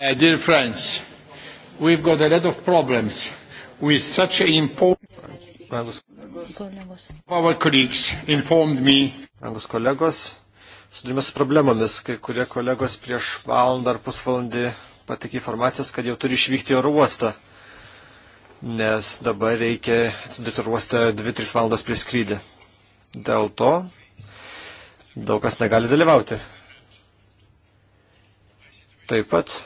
Uh, dear friends, we've got a lot of problems with such an important. Our colleagues informed me. Rangus kolegos, sudėmės su problemomis, kai kurie kolegos prieš valandą ar pusvalandį patikė informacijos, kad jau turi išvykti į oro uostą, nes dabar reikia atsidurti oro uostą 2-3 valandos prieš skrydį. Dėl to daug kas negali dalyvauti. Taip pat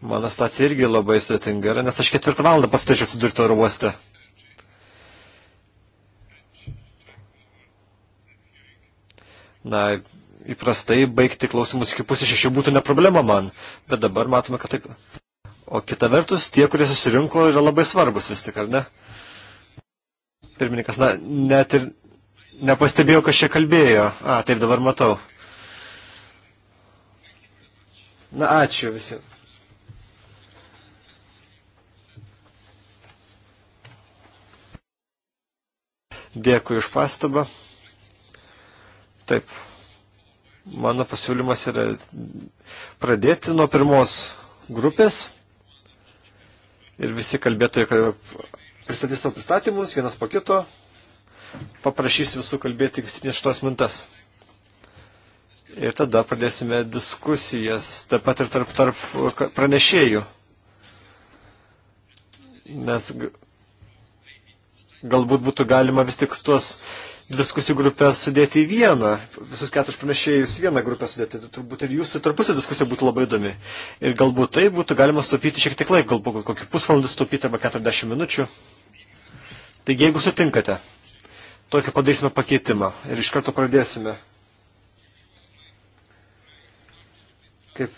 Mano stacija irgi labai sudėtinga yra, nes aš ketvirtą valandą pats turėčiau atsidurti oro uoste. Na, įprastai baigti klausimus iki pusės šešių būtų ne problema man, bet dabar matome, kad taip. O kita vertus, tie, kurie susirinko, yra labai svarbus vis tik, ar ne? Pirmininkas, na, net ir nepastebėjau, kas čia kalbėjo. A, taip dabar matau. Na, ačiū visiems. Dėkui už pastabą. Taip, mano pasiūlymas yra pradėti nuo pirmos grupės ir visi kalbėtojai pristatys savo pristatymus vienas po kito. Paprašysiu visų kalbėti 7-8 mintas. Ir tada pradėsime diskusijas, taip pat ir tarp, tarp pranešėjų. Nes galbūt būtų galima vis tik tuos diskusijų grupės sudėti į vieną, visus keturis pranešėjus į vieną grupę sudėti, tai turbūt ir jūsų tarpusio diskusija būtų labai įdomi. Ir galbūt tai būtų galima sutaupyti šiek tiek laiko, galbūt kokį pusvalandį sutaupyti arba 40 minučių. Taigi, jeigu sutinkate, tokį padarysime pakeitimą ir iš karto pradėsime. Kaip.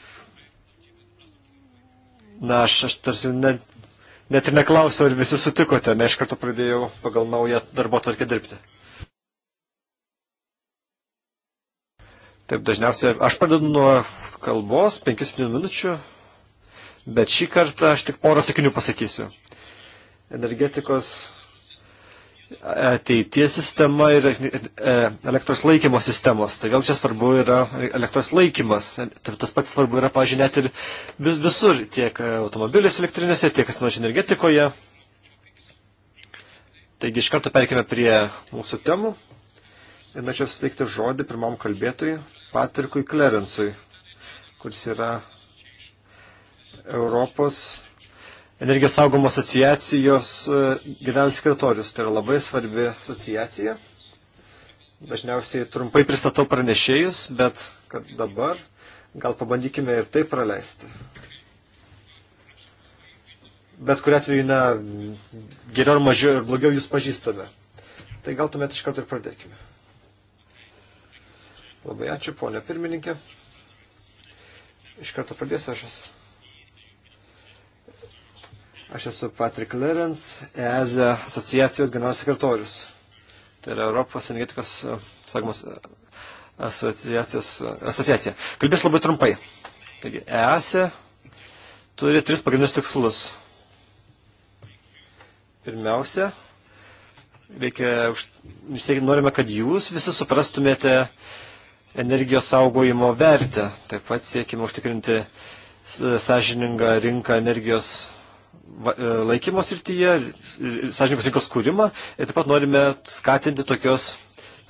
Na, aš, aš tarsi net net ir neklausiau, ar visi sutikote, nes iš karto pradėjau pagal naują darbo tvarkę dirbti. Taip, dažniausiai aš pradedu nuo kalbos, 5 minučių, bet šį kartą aš tik porą sakinių pasakysiu. Energetikos ateities sistema ir e, elektros laikymo sistemos. Tai vėl čia svarbu yra elektros laikymas. Tai tas pats svarbu yra, pažiūrėjau, net ir visur, tiek automobilis elektrinėse, tiek atsinaujinančioje energetikoje. Taigi iš karto perkime prie mūsų temų. Ir norėčiau suteikti žodį pirmam kalbėtojui, Patrikui Klerensui, kuris yra Europos energijos saugomo asociacijos e, generalinis sekretorius. Tai yra labai svarbi asociacija. Dažniausiai trumpai pristatau pranešėjus, bet kad dabar gal pabandykime ir tai praleisti. Bet kuriu atveju, na, geriau ar mažiau ir blogiau jūs pažįstame. Tai gal tuomet iš karto ir pradėkime. Labai ačiū, ponė pirmininkė. Iš karto pradėsiu aš esu. Aš esu Patrick Lerens, EZ asociacijos generalinis sekretorius. Tai yra Europos energetikos, e, sakomos, e, asociacijos, e, asociacija. Kalbės labai trumpai. Taigi, EASE turi tris pagrindinius tikslus. Pirmiausia, reikia, norime, kad jūs visi suprastumėte energijos saugojimo vertę. Taip pat siekime užtikrinti sąžiningą rinką energijos E, laikymo srityje, sąžininkos rinkos kūrimą ir taip pat norime skatinti tokios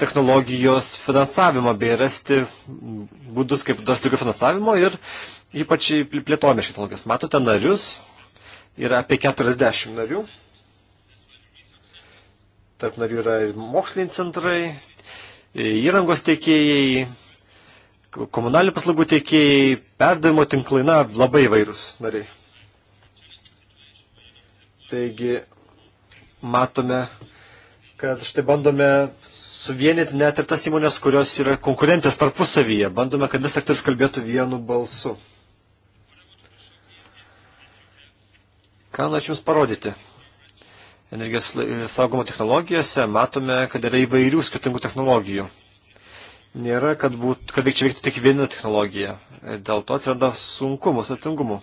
technologijos finansavimą bei rasti būdus, kaip rasti daugiau finansavimo ir ypač plėtojame šią technologiją. Matote, narius yra apie 40 narių. Tarp narių yra ir moksliniai centrai, e, įrangos tiekėjai, komunalinių paslaugų tiekėjai, perdavimo tinklai, na, labai vairūs nariai. Taigi matome, kad štai bandome suvienyti net ir tas įmonės, kurios yra konkurentės tarpusavyje. Bandome, kad visas sektorius kalbėtų vienu balsu. Ką norėčiau Jums parodyti? Energijos saugomo technologijose matome, kad yra įvairių skirtingų technologijų. Nėra, kad, būt, kad reikia veikti tik vieną technologiją. Dėl to atsiranda sunkumų, sudėtingumų.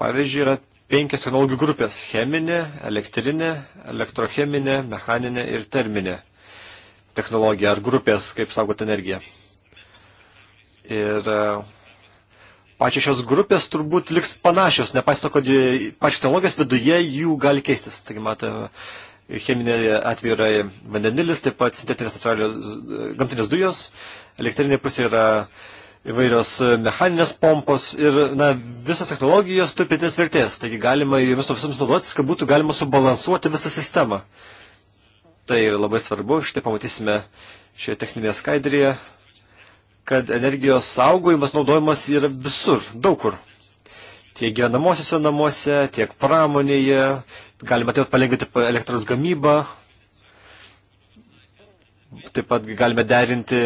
Pavyzdžiui, yra penkias technologijų grupės - cheminė, elektrinė, elektrocheminė, mechaninė ir terminė technologija ar grupės, kaip saugoti energiją. Ir e, pačios šios grupės turbūt liks panašios, nepaisant to, kad e, pačios technologijos viduje jų gali keistis. Taigi matome, cheminė atveju yra vandenilis, taip pat sintetinės natūralios e, gamtinės dujos, elektrinė pusė yra uh, įvairios e, mechaninės pompos ir na, visos technologijos turi pridėtinės vertės, taigi galima jomis visoms naudotis, kad būtų galima subalansuoti visą sistemą. Tai yra labai svarbu, štai pamatysime šioje techninėje skaidrėje, kad energijos saugojimas, naudojimas yra visur, daug kur. Tiek gyvenamosiuose namuose, tiek pramonėje, galima taip palengvinti elektros gamybą, Taip pat galime derinti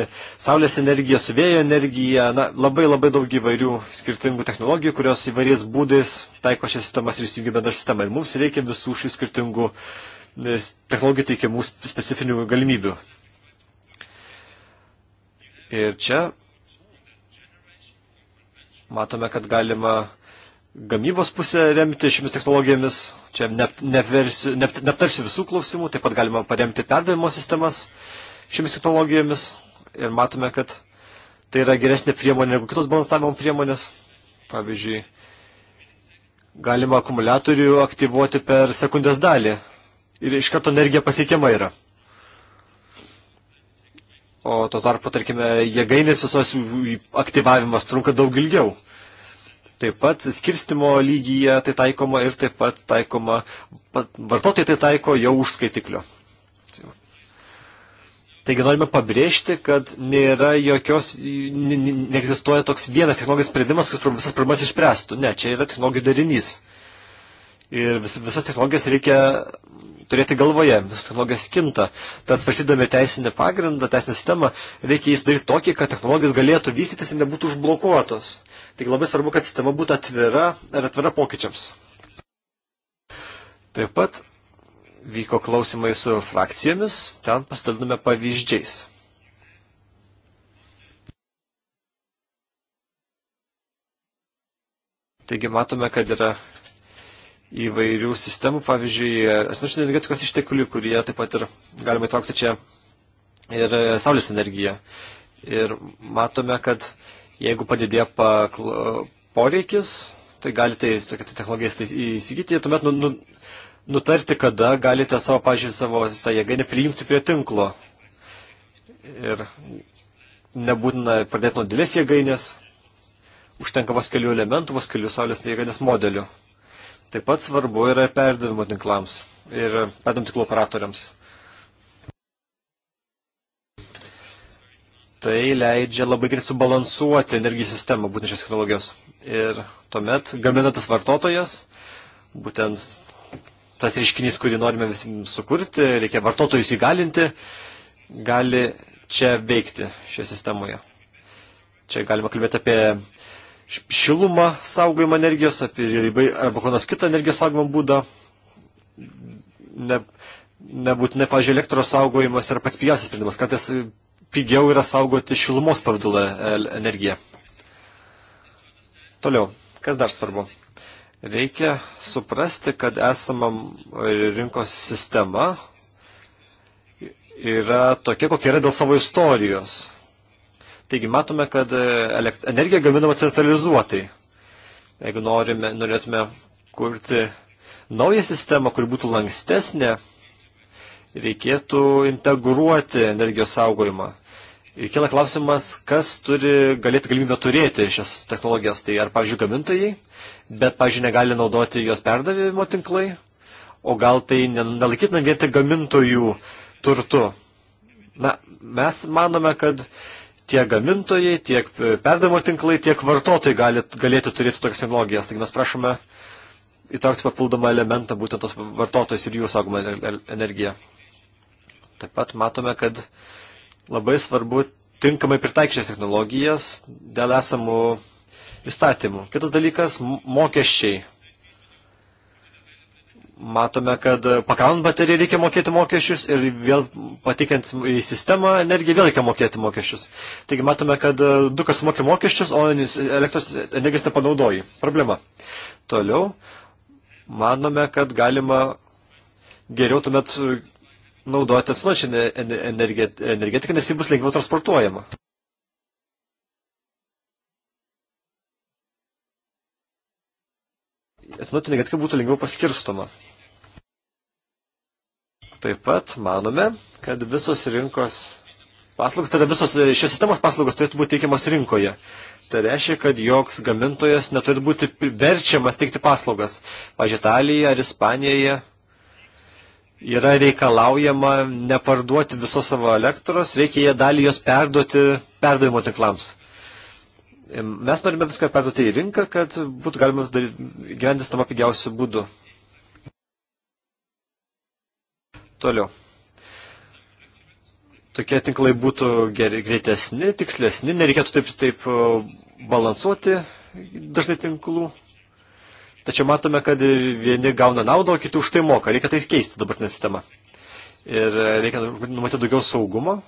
saulės energiją su vėjo energija. Na, labai labai daug įvairių skirtingų technologijų, kurios įvairiais būdais taiko šias sistemas ir įsijungia bendrą sistemą. Ir mums reikia visų šių skirtingų e, technologijų teikiamų specifinių galimybių. Ir čia matome, kad galima gamybos pusę remti šiomis technologijomis. Čia neaptarsiu ne, ne, visų klausimų, taip pat galima paremti perdavimo sistemas šiomis technologijomis ir matome, kad tai yra geresnė priemonė negu kitos balansavimo priemonės. Pavyzdžiui, galima akumuliatorių aktyvuoti per sekundės dalį ir iš karto energija pasiekiama yra. O tuo tarpu, tarkime, jėgainės visos aktyvavimas trunka daug ilgiau. Taip pat skirstimo lygyje tai taikoma ir taip pat taikoma, vartotojai tai taiko jau už skaitiklio. Taigi norime pabrėžti, kad nėra jokios, neegzistuoja toks vienas technologijos sprendimas, kuris visas problemas išspręstų. Ne, čia yra technologijų darinys. Ir vis, visas technologijas reikia turėti galvoje, visas technologijas kinta. Tad svarstydami teisinį pagrindą, teisinę sistemą, reikia jį sudaryti tokį, kad technologijos galėtų vystytis ir nebūtų užblokuotos. Taigi labai svarbu, kad sistema būtų atvira ir atvira pokyčiams. Taip pat vyko klausimai su frakcijomis, ten pasidalinome pavyzdžiais. Taigi matome, kad yra įvairių sistemų, pavyzdžiui, asmeniškai energetikos išteklių, kurie taip pat ir galima įtraukti čia ir saulės energiją. Ir matome, kad jeigu padidėja poreikis, tai gali tai tokia technologija įsigyti, tuomet nu, nu, nutarti, kada galite savo, pažiūrėjau, savo tą jėgainę prijungti prie tinklo. Ir nebūtina pradėti nuo didelės jėgainės, užtenka vos kelių elementų, vos kelių saulės jėgainės modelių. Taip pat svarbu yra perdavimo tinklams ir perdavimo tinklo operatoriams. Tai leidžia labai greit subalansuoti energijos sistemą, būtent šios technologijos. Ir tuomet gaminantis vartotojas, būtent tas reiškinys, kurį norime sukurti, reikia vartotojus įgalinti, gali čia veikti šioje sistemoje. Čia galima kalbėti apie šilumą saugojimą energijos, apie arba kokią nors kitą energijos saugojimo būdą. Ne, nebūtinai, pažiūrėjau, elektros saugojimas yra pats pigiausias sprendimas. Kartais pigiau yra saugoti šilumos pavadulą energiją. Toliau, kas dar svarbu? Reikia suprasti, kad esama rinkos sistema yra tokia, kokia yra dėl savo istorijos. Taigi matome, kad energija gaminama centralizuotai. Jeigu norime, norėtume kurti naują sistemą, kuri būtų lankstesnė, reikėtų integruoti energijos saugojimą. Ir kila klausimas, kas turi galėti galimybę turėti šias technologijas. Tai ar, pavyzdžiui, gamintojai, bet, pažiūrėjau, negali naudoti jos perdavimo tinklai, o gal tai nelaikytina vien tik gamintojų turtu. Na, mes manome, kad tiek gamintojai, tiek e, perdavimo tinklai, tiek vartotojai gali, galėtų turėti tokias technologijas. Taigi mes prašome įtraukti papildomą elementą, būtent tos vartotojus ir jų saugomą energiją. Taip pat matome, kad labai svarbu tinkamai pritaikyti technologijas dėl esamų įstatymų. Kitas dalykas - mokesčiai. Matome, kad pakraunant bateriją reikia mokėti mokesčius ir vėl patikiant į sistemą energiją vėl reikia mokėti mokesčius. Taigi matome, kad du kas mokė mokesčius, o elektros energijos nepanaudoji. Problema. Toliau manome, kad galima geriau tuomet naudoti atsinaujinančią energetiką, nes ji bus lengviau transportuojama. ir tada ta energetika būtų lengviau paskirstoma. Taip pat manome, kad visos rinkos paslaugos, tai yra visos e, šios sistemos paslaugos turėtų būti teikiamas rinkoje. Tai reiškia, kad joks gamintojas neturėtų būti verčiamas teikti paslaugas. Pavyzdžiui, Italijoje ar Ispanijoje yra reikalaujama neparduoti visos savo elektros, reikia jie dalį jos perduoti perdavimo tinklams. Mes norime viską perduoti į rinką, kad būtų galima gyvendis tam pigiausių būdų. Toliau. Tokie tinklai būtų geri, greitesni, tikslesni, nereikėtų taip, taip balansuoti dažnai tinklų. Tačiau matome, kad vieni gauna naudą, o kiti už tai moka. Reikia tai keisti dabartinę sistemą. Ir reikia numatyti daugiau saugumo,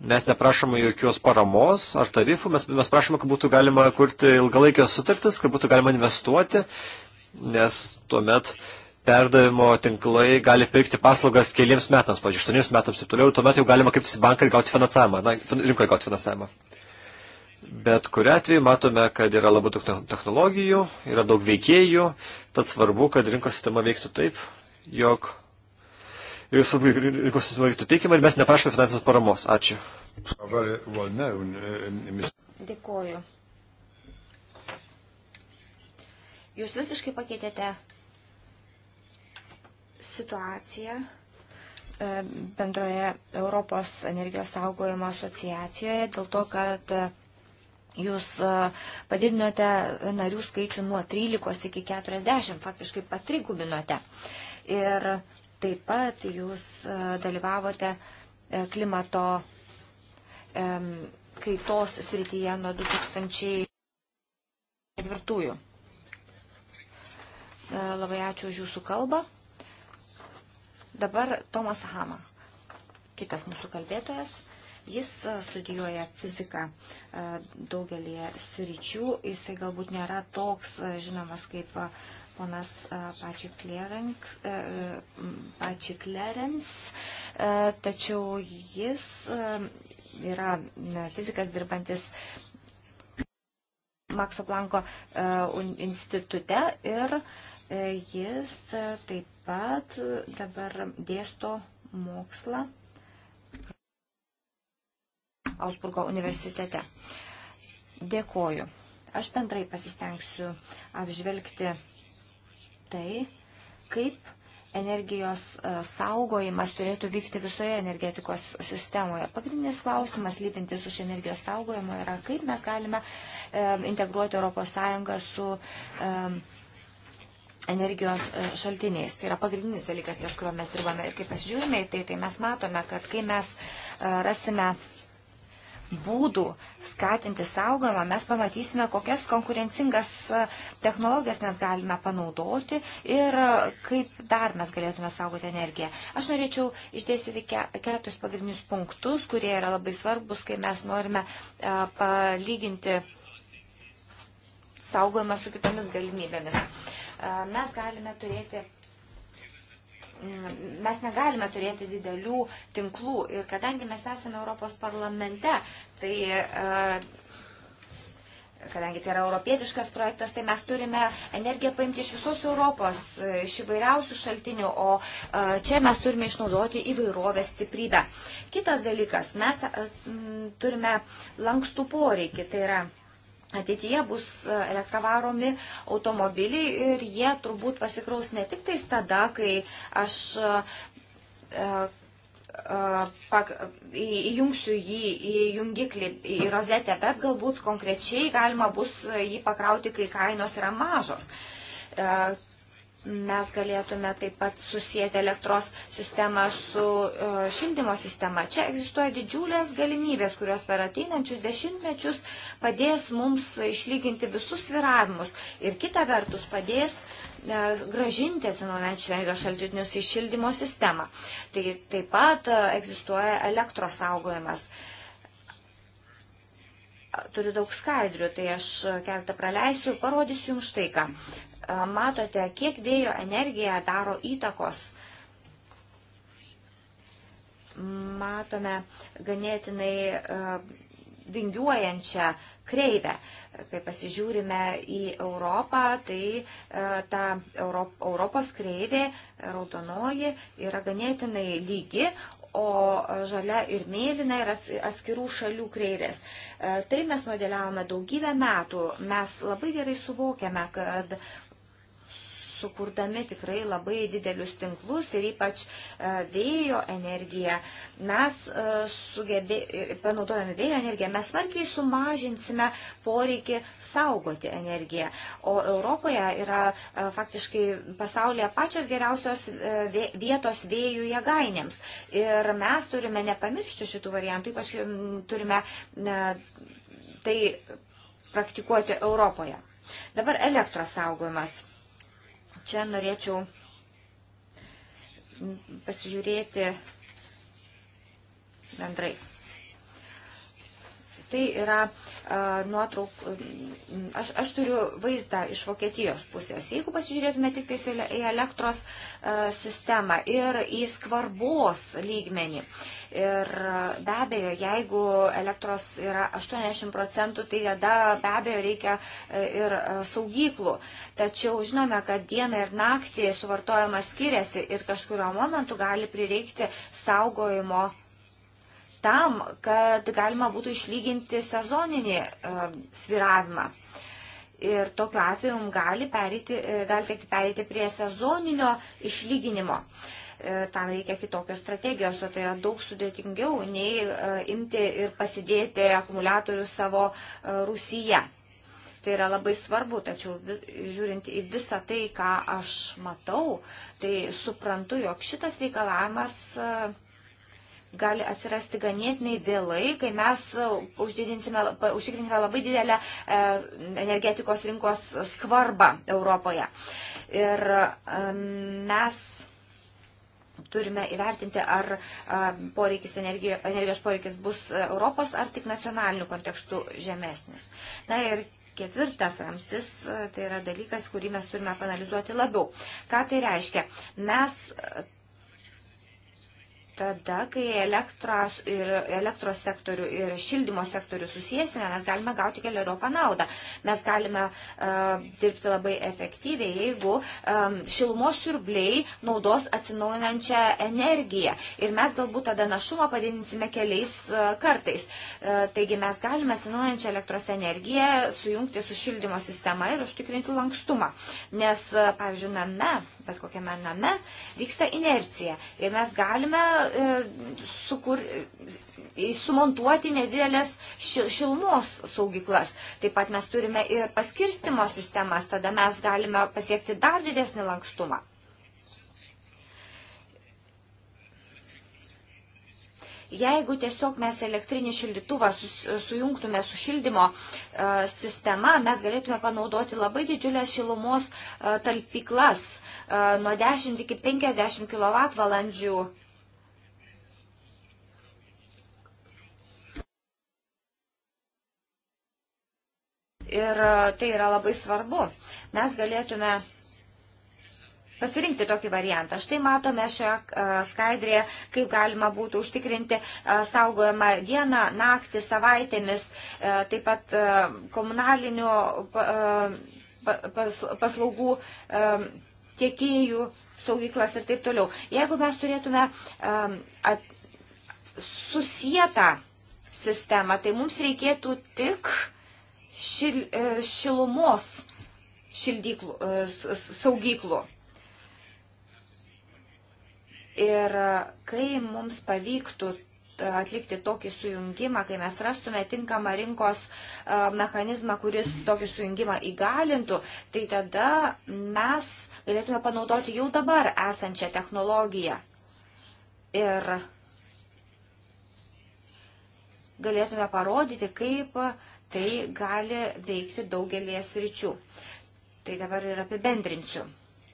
Mes neprašome jokios paramos ar tarifų, mes, mes prašome, kad būtų galima kurti ilgalaikės sutartis, kad būtų galima investuoti, nes tuomet perdavimo tinklai gali pirkti paslaugas keliems metams, pavyzdžiui, aštuoniems metams ir toliau, tuomet jau galima kreiptis į banką ir gauti finansavimą, na, rinkoje gauti finansavimą. Bet kuriu atveju matome, kad yra labai daug technologijų, yra daug veikėjų, tad svarbu, kad rinkos sistema veiktų taip, jog ir visų rinkos subjektų teikimą ir mes neprašome finansinės paramos. Ačiū. Dėkuoju. Jūs visiškai pakeitėte situaciją e, bendroje Europos energijos saugojimo asociacijoje dėl to, kad jūs e, padidinote narių skaičių nuo 13 iki 40, faktiškai patrigubinote. Ir Taip pat jūs e, dalyvavote e, klimato e, kaitos srityje nuo 2004. Labai ačiū už jūsų kalbą. Dabar Tomas Hama, kitas mūsų kalbėtojas. Jis studijuoja fiziką daugelį sričių. Jisai galbūt nėra toks žinomas kaip ponas e, Pačiklerens, e, e, tačiau jis yra fizikas dirbantis Makso Planko institute ir jis taip pat dabar dėsto mokslą Augsburgo universitete. Dėkoju. Aš bendrai pasistengsiu apžvelgti tai, kaip energijos e, saugojimas turėtų vykti visoje energetikos sistemoje. Pagrindinis klausimas, lypintis už energijos saugojimo, yra, kaip mes galime e, integruoti ES su e, energijos šaltiniais. Tai yra pagrindinis dalykas, ties kuriuo mes dirbame. Ir kai pasižiūrime į tai, tai mes matome, kad kai mes rasime būdų skatinti saugomą, mes pamatysime, kokias konkurencingas e, technologijas mes galime panaudoti ir e, kaip dar mes galėtume saugoti energiją. Aš norėčiau išdėstyti keturis pagrindinius punktus, kurie yra labai svarbus, kai mes norime e, palyginti saugojimą su kitomis galimybėmis. Mes galime turėti Mm, mes negalime turėti didelių tinklų. Ir kadangi mes esame Europos parlamente, tai e, kadangi tai yra europietiškas projektas, tai mes turime energiją paimti iš visos Europos, e, iš įvairiausių šaltinių, o e, čia mes turime išnaudoti įvairovės stiprybę. Kitas dalykas, mes turime lankstų poreikį, tai yra ateityje bus e, elektravaromi automobiliai ir jie turbūt pasikraus ne tik tais tada, kai aš e, e, įjungsiu jį į jungiklį, į rozetę, bet galbūt konkrečiai galima bus jį pakrauti, kai kainos yra mažos mes galėtume taip pat susijęti elektros sistemą su e, šildymo sistema. Čia egzistuoja didžiulės galimybės, kurios per ateinančius dešimtmečius padės mums išlyginti visus sviravimus ir kita vertus padės e, gražinti atsinaujinančių energijos šaltinius į šildymo sistemą. Tai taip pat e, egzistuoja elektros saugojimas turiu daug skaidrių, tai aš keltą praleisiu, parodysiu jums štai ką matote, kiek vėjo energija daro įtakos. Matome ganėtinai vingiuojančią kreivę. Kai pasižiūrime į Europą, tai ta Europos kreivė raudonoji yra ganėtinai lygi, o žalia ir mėlyna yra atskirų šalių kreivės. Tai mes modeliavome daugybę metų. Mes labai gerai suvokiame, kad sukurdami tikrai labai didelius tinklus ir ypač e, vėjo energiją, mes e, sugebė, panaudodami vėjo energiją, mes smarkiai sumažinsime poreikį saugoti energiją. O Europoje yra e, faktiškai pasaulyje pačios geriausios vietos vėjų jėgainėms. Ir mes turime nepamiršti šitų variantų, ypač turime tai praktikuoti Europoje. Dabar elektros saugojimas. Čia norėčiau pasižiūrėti bendrai. Tai yra nuotrauk, aš, aš turiu vaizdą iš Vokietijos pusės. Jeigu pasižiūrėtume tik į elektros sistemą ir į skvarbos lygmenį. Ir be abejo, jeigu elektros yra 80 procentų, tai tada be abejo reikia e, ir saugyklų. Tačiau žinome, kad dieną ir naktį suvartojimas skiriasi ir kažkurio momentu gali prireikti saugojimo tam, kad galima būtų išlyginti sezoninį e, sviravimą. Ir tokiu atveju jums gali, perėti, e, gali tekti pereiti prie sezoninio išlyginimo. E, tam reikia kitokios strategijos, o tai yra daug sudėtingiau nei imti ir pasidėti akumuliatorių savo rūsyje. Tai yra labai svarbu, tačiau žiūrint į visą tai, ką aš matau, tai suprantu, jog šitas reikalavimas gali atsirasti ganėtinai vėlai, kai mes e, užtikrinsime labai didelę e, energetikos rinkos skvarbą Europoje. Ir e, mes turime įvertinti, ar poreikis energijos, energijos poreikis bus Europos ar tik nacionalinių kontekstų žemesnis. Na ir ketvirtas ramstis, tai yra dalykas, kurį mes turime panalizuoti labiau. Ką tai reiškia? Mes tada, kai elektros, ir, elektros sektorių ir šildymo sektorių susijęsime, mes galime gauti keliariopą naudą. Mes galime uh, dirbti labai efektyviai, jeigu um, šilumos siurbliai naudos atsinaujinančią energiją. Ir mes galbūt tada našumą padidinsime keliais uh, kartais. Uh, taigi mes galime atsinaujinančią elektros energiją sujungti su šildymo sistema ir užtikrinti lankstumą. Nes, uh, pavyzdžiui, name. Na, bet kokiame name, vyksta inercija. Ir mes galime e, sukur, e, sumontuoti nedidelės šilumos saugyklas. Taip pat mes turime ir paskirstimo sistemas, tada mes galime pasiekti dar didesnį lankstumą. Jeigu tiesiog mes elektrinį šildytuvą sujungtume su šildymo e, sistema, mes galėtume panaudoti labai didžiulės šilumos e, talpyklas e, nuo 10 iki 50 kWh Ir tai yra labai svarbu. Mes galėtume pasirinkti tokį variantą. Štai matome šioje skaidrėje, kaip galima būtų užtikrinti saugojimą dieną, naktį, savaitėmis, taip pat komunalinių paslaugų tiekėjų saugyklas ir taip toliau. Jeigu mes turėtume susietą sistemą, tai mums reikėtų tik šil, e, šilumos šildyklų, e, saugyklų. Ir kai mums pavyktų e, atlikti tokį sujungimą, kai mes rastume tinkamą rinkos e, mechanizmą, kuris tokį sujungimą įgalintų, tai tada mes galėtume panaudoti jau dabar esančią technologiją. Ir galėtume parodyti, kaip tai gali veikti daugelį sričių. Tai dabar ir apibendrinsiu.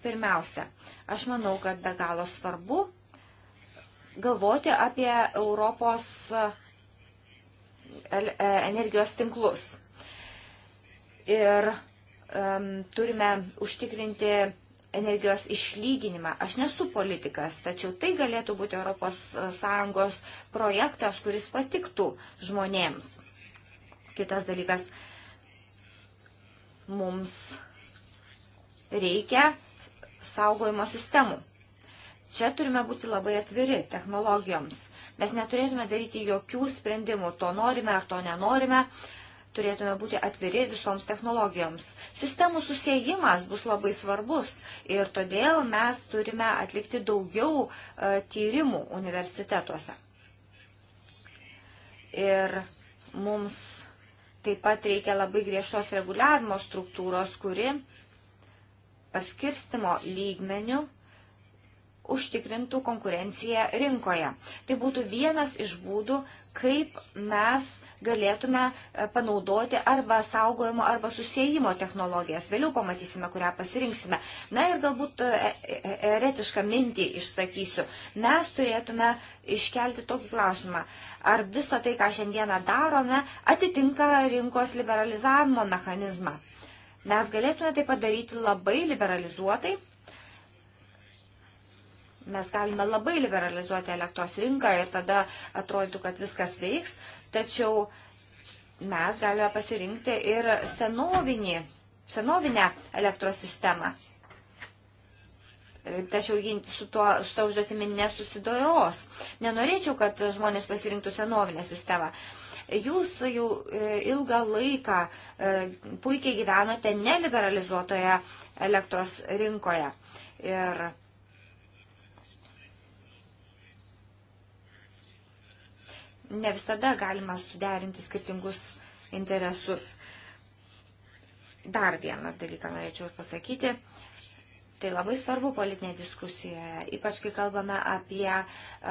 Pirmiausia, aš manau, kad be galo svarbu galvoti apie Europos e, e, energijos tinklus. Ir um, turime užtikrinti energijos išlyginimą. Aš nesu politikas, tačiau tai galėtų būti ES e, projektas, kuris patiktų žmonėms. Kitas dalykas, mums reikia saugojimo sistemų. Čia turime būti labai atviri technologijoms. Mes neturėtume daryti jokių sprendimų, to norime ar to nenorime. Turėtume būti atviri visoms technologijoms. Sistemų susijimas bus labai svarbus ir todėl mes turime atlikti daugiau e, tyrimų universitetuose. Ir mums taip pat reikia labai griežtos reguliavimo struktūros, kuri paskirstimo lygmenių e, užtikrintų konkurenciją rinkoje. Tai būtų vienas iš būdų, kaip mes galėtume e, panaudoti arba saugojimo, arba susijimo technologijas. Vėliau pamatysime, kurią pasirinksime. Na ir galbūt e, e, eretišką mintį išsakysiu. Mes turėtume iškelti tokį klausimą. Ar visa tai, ką šiandieną darome, atitinka rinkos liberalizavimo mechanizmą? Mes galėtume tai padaryti labai liberalizuotai mes galime labai liberalizuoti elektros rinką ir tada atrodytų, kad viskas veiks, tačiau mes galime pasirinkti ir senovinį, senovinę elektros sistemą. Tačiau ji su, tuo, su to užduotimi nesusidoros. Nenorėčiau, kad žmonės pasirinktų senovinę sistemą. Jūs jau e, ilgą laiką e, puikiai gyvenote neliberalizuotoje elektros rinkoje. Ir ne visada galima suderinti skirtingus interesus. Dar vieną dalyką norėčiau pasakyti. Tai labai svarbu politinėje diskusijoje, ypač kai kalbame apie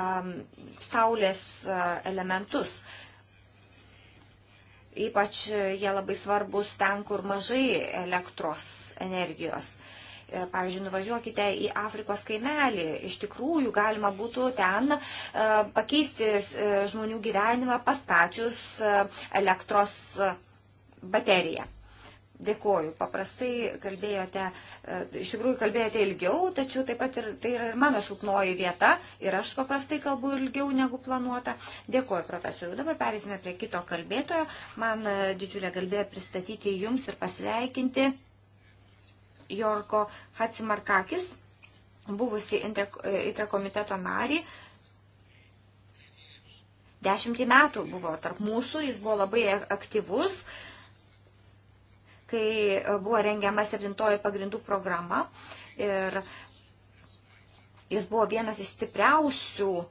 um, saulės uh, elementus. Ypač uh, jie labai svarbus ten, kur mažai elektros energijos. Uh, E, pavyzdžiui, nuvažiuokite į Afrikos kaimelį. Iš tikrųjų, galima būtų ten e, pakeisti e, žmonių gyvenimą pastačius elektros bateriją. Dėkoju. Paprastai kalbėjote, iš tikrųjų kalbėjote ilgiau, tačiau taip pat ir, tai yra ir mano silpnoji vieta ir aš paprastai kalbu ilgiau negu planuota. Dėkoju, profesoriu. Dabar perėsime prie kito kalbėtojo. Man didžiulė galbė pristatyti jums ir pasveikinti Jorko Hatsimarkakis, buvusi interkomiteto narį. Dešimtį metų buvo tarp mūsų, jis buvo labai aktyvus, kai buvo rengiama septintoji pagrindų programa. Ir jis buvo vienas iš stipriausių e,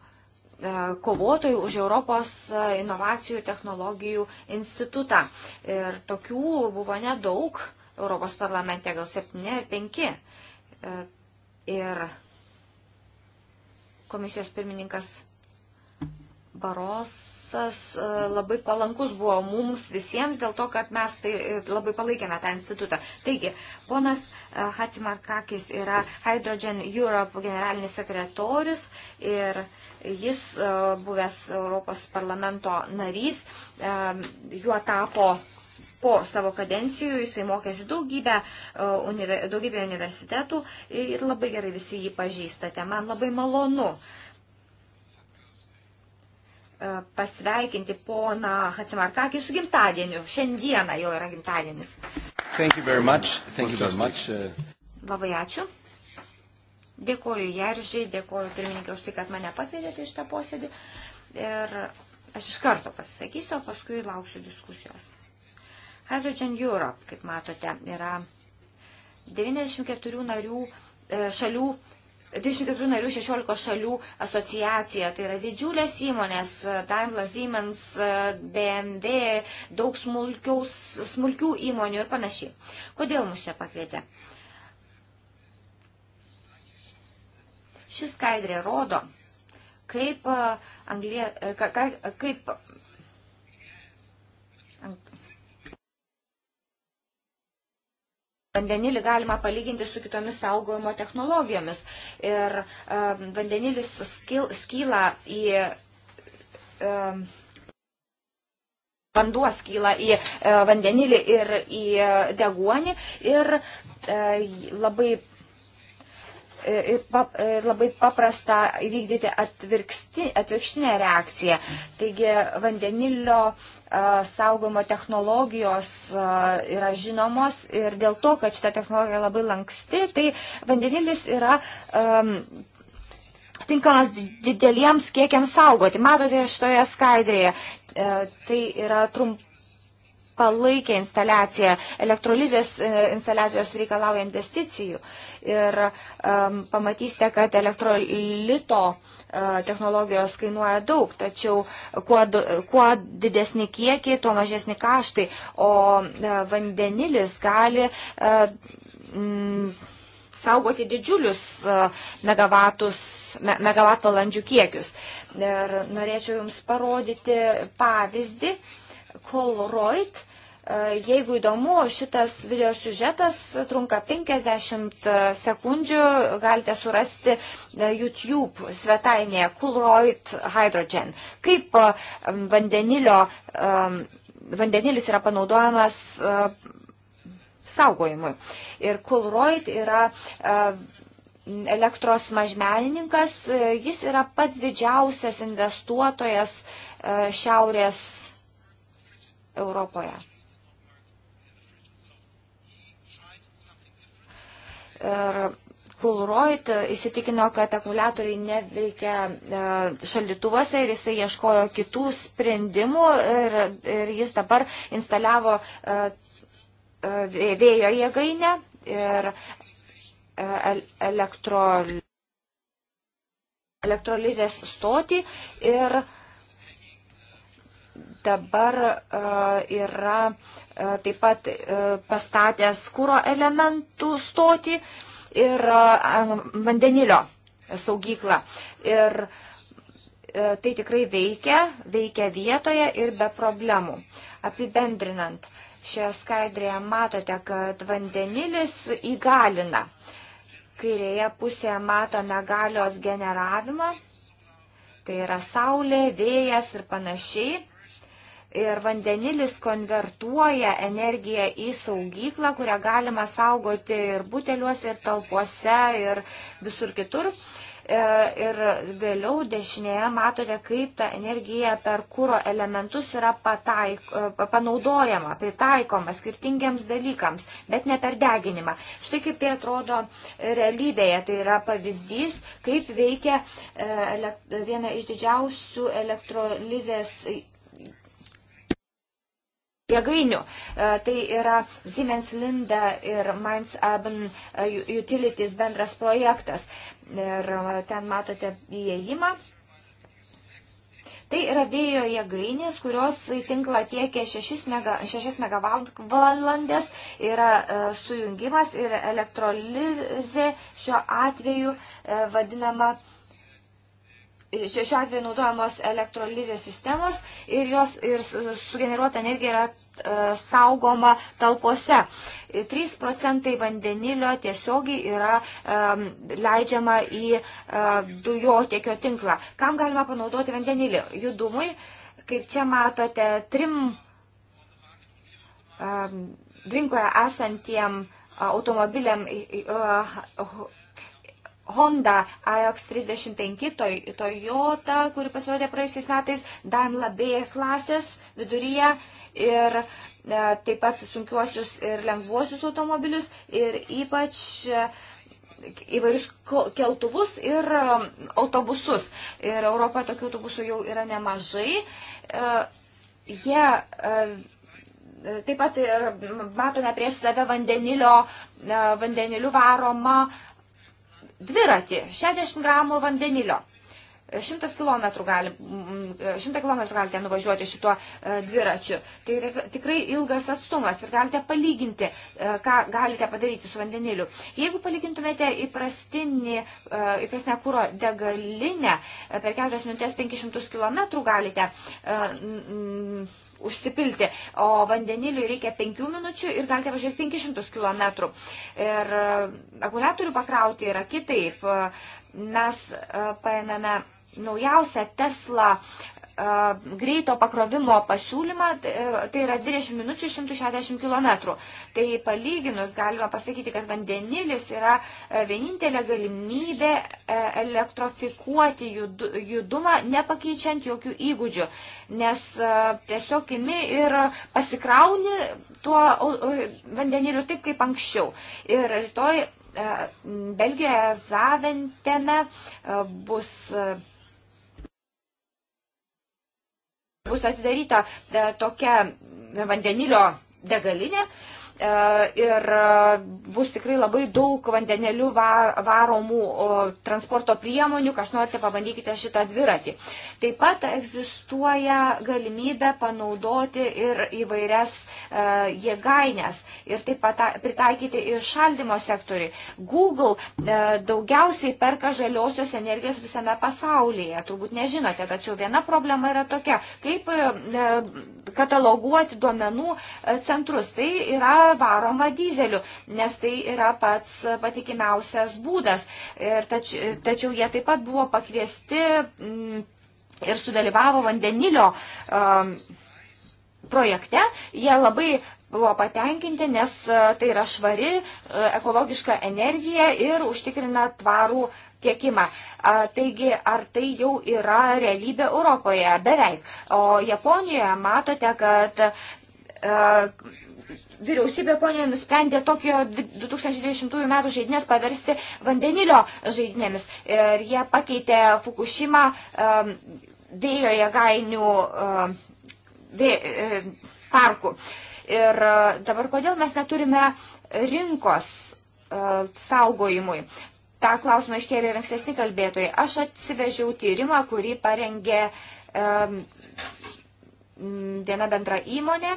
kovotojų už Europos e, inovacijų ir technologijų institutą. Ir tokių buvo nedaug Europos parlamente, gal septyni ar penki. E, ir komisijos pirmininkas Barosas e, labai palankus buvo mums visiems dėl to, kad mes tai e, labai palaikėme tą institutą. Taigi, ponas Hatsimarkakis yra Hydrogen Europe generalinis sekretorius ir jis buvęs Europos parlamento narys, juo tapo po savo kadencijų, jisai mokėsi daugybę, e, daugybę universitetų ir labai gerai visi jį pažįstate. Man labai malonu e, pasveikinti poną Hatsimarkakį su gimtadieniu. Šiandieną jo yra gimtadienis. Uh, labai ačiū. Dėkoju Jeržiai, dėkoju pirmininkė už tai, kad mane pakvietėte į šitą posėdį. Ir aš iš karto pasisakysiu, o paskui lauksiu diskusijos. Hydrogen Europe, kaip matote, yra 94 narių e, šalių 24 narių 16 šalių asociacija. Tai yra didžiulės įmonės, e, Daimler, Siemens, e, BMW, daug smulkiaus, smulkių įmonių ir panašiai. Kodėl mus čia pakvietė? Ši skaidrė rodo, kaip, anglė, ka, ka, kaip Vandenilį galima palyginti su kitomis saugojimo technologijomis. Ir e, vandenilis skil, skyla į. E, Vanduo skyla į e, vandenilį ir į e, deguonį ir e, labai E, ir, pap, ir e, labai paprasta įvykdyti atvirksti, atvirkštinę reakciją. Taigi vandenilio a, e, saugomo technologijos a, yra žinomos ir dėl to, kad šita technologija labai lanksti, tai vandenilis yra. Um, tinkamas dideliems kiekiams saugoti. Matote šitoje skaidrėje, e, tai yra trumpa palaikė instaliaciją. Elektrolizės e, instaliacijos reikalauja investicijų. Ir um, pamatysite, kad elektrolito uh, technologijos kainuoja daug, tačiau kuo, kuo didesni kiekiai, tuo mažesni kaštai. O uh, vandenilis gali. Uh, mm, saugoti didžiulius megavatvalandžių kiekius. Ir norėčiau Jums parodyti pavyzdį, uh, Colroyd. E, jeigu įdomu, šitas video siužetas trunka 50 sekundžių, galite surasti e, YouTube svetainėje Coolroyd Hydrogen. Kaip e, vandenilio, vandenilis yra panaudojamas saugojimui. Ir Coolroyd yra elektros mažmenininkas, jis yra pats didžiausias investuotojas šiaurės Europoje. Ir Kulroit įsitikino, kad akumuliatoriai neveikia e, šaldytuvuose ir jisai ieškojo kitų sprendimų ir, ir jis dabar instaliavo e, e, vėjo jėgainę ir elektro, elektrolizės stotį ir dabar e, yra e, taip pat e, pastatęs kūro elementų stoti ir vandenilio saugyklą. Ir tai tikrai veikia, veikia vietoje ir be problemų. Apibendrinant, šią skaidrėje matote, kad vandenilis įgalina. Kairėje pusėje matome galios generavimą, tai yra saulė, vėjas ir panašiai ir vandenilis konvertuoja energiją į saugyklą, kurią galima saugoti ir buteliuose, ir talpuose, ir visur kitur. E, ir vėliau dešinėje matote, kaip ta energija per kūro elementus yra pataik, e, panaudojama, pritaikoma skirtingiams dalykams, bet ne per deginimą. Štai kaip tai atrodo realybėje. Tai yra pavyzdys, kaip veikia e, viena iš didžiausių elektrolizės jėgainių. E, tai yra Siemens Linda ir Mainz Aben e, Utilities bendras projektas. Ir e, ten matote įėjimą. Tai yra vėjo jėgainės, kurios tinklą tiekia 6 MW, yra sujungimas ir elektrolizė šiuo atveju vadinama šiuo atveju naudojamos elektrolizės sistemos ir jos ir sugeneruota energija yra e, saugoma talpose. 3 e, procentai vandenilio tiesiogiai yra e, leidžiama į e, dujotiekio tinklą. Kam galima panaudoti vandenilį? Judumui, kaip čia matote, trim e, rinkoje esantiem automobiliam Honda AX 35 Toyota, kuri pasirodė praėjusiais metais, Daimla B klasės viduryje ir e, taip pat sunkiuosius ir lengvuosius automobilius ir ypač e, įvairius keltuvus ir e, autobusus. Ir Europoje tokių autobusų jau yra nemažai. E, jie e, taip pat matome prieš save vandenilio, vandeniliu varomą dviratį 60 gramų vandenilio. 100 km, gali, 100 mm, km galite nuvažiuoti šituo e, dviračiu. Tai tikrai ilgas atstumas ir galite palyginti, e, ką galite padaryti su vandeniliu. Jeigu palygintumėte įprastinį, e, įprastinę kūro degalinę, per 4 minutės 500 km galite užsipilti, o vandeniliui reikia 5 minučių ir galite važiuoti 500 km. Ir e, akumuliatorių pakrauti yra kitaip. E, mes e, paėmėme naujausią Tesla greito pakrovimo pasiūlymą, tai, tai yra 20 minučių 160 km. Tai palyginus galima pasakyti, kad vandenilis yra e, vienintelė galimybė e, elektrofikuoti judumą, nepakeičiant jokių įgūdžių. Nes e, tiesiog imi ir pasikrauni tuo vandeniliu taip kaip anksčiau. Ir rytoj Belgijoje Zaventeme bus bus atidaryta e, tokia e, vandenilio degalinė, E, ir e, bus tikrai labai daug vandenelių varomų transporto priemonių, kas norite, pabandykite šitą dviratį. Taip pat egzistuoja galimybė panaudoti ir įvairias e, jėgainės ir taip pat pritaikyti ir šaldymo sektoriui. Google daugiausiai perka žaliosios energijos visame pasaulyje, turbūt nežinote, tačiau viena problema yra tokia, kaip kataloguoti duomenų centrus. Tai yra varoma dizeliu, nes tai yra pats patikimiausias būdas. Ir tač, tačiau jie taip pat buvo pakviesti m, mm, ir sudalyvavo vandenilio m, um, projekte. Jie labai buvo patenkinti, nes e, tai yra švari e, ekologiška energija ir užtikrina tvarų tiekimą. Taigi, ar tai jau yra realybė Europoje? Beveik. O Japonijoje matote, kad e, vyriausybė, ponė, nusprendė Tokijo 2020 metų žaidinės paversti vandenilio žaidinėmis. Ir jie pakeitė Fukushimą vėjo jėgainių vė, parkų. Ir e, dabar kodėl mes neturime rinkos e, saugojimui? tą klausimą iškėlė ir ankstesni kalbėtojai. Aš atsivežiau tyrimą, kurį parengė um, viena bendra įmonė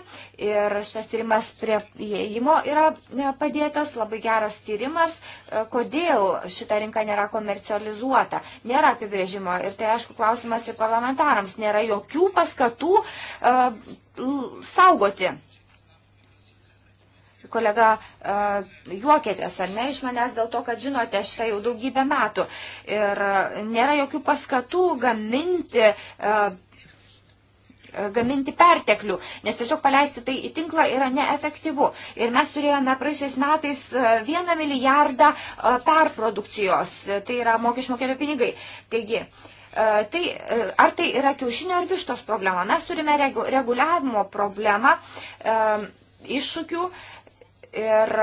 ir šitas tyrimas prie įėjimo yra e, padėtas, labai geras tyrimas, e, kodėl šita rinka nėra komercializuota, nėra apibrėžimo ir tai aišku klausimas ir parlamentarams, nėra jokių paskatų uh, saugoti. Kolega, uh, juokėtės ar ne iš manęs dėl to, kad žinote šitą jau daugybę metų. Ir uh, nėra jokių paskatų gaminti uh, gaminti perteklių, nes tiesiog paleisti tai į tinklą yra neefektyvu. Ir mes turėjome praėjusiais metais e, vieną milijardą e, perprodukcijos, tai yra mokesčių mokėtojų pinigai. Taigi, e, Tai, ar tai yra kiaušinio ar vištos problema? Mes turime regu, reguliavimo problemą, iššūkių ir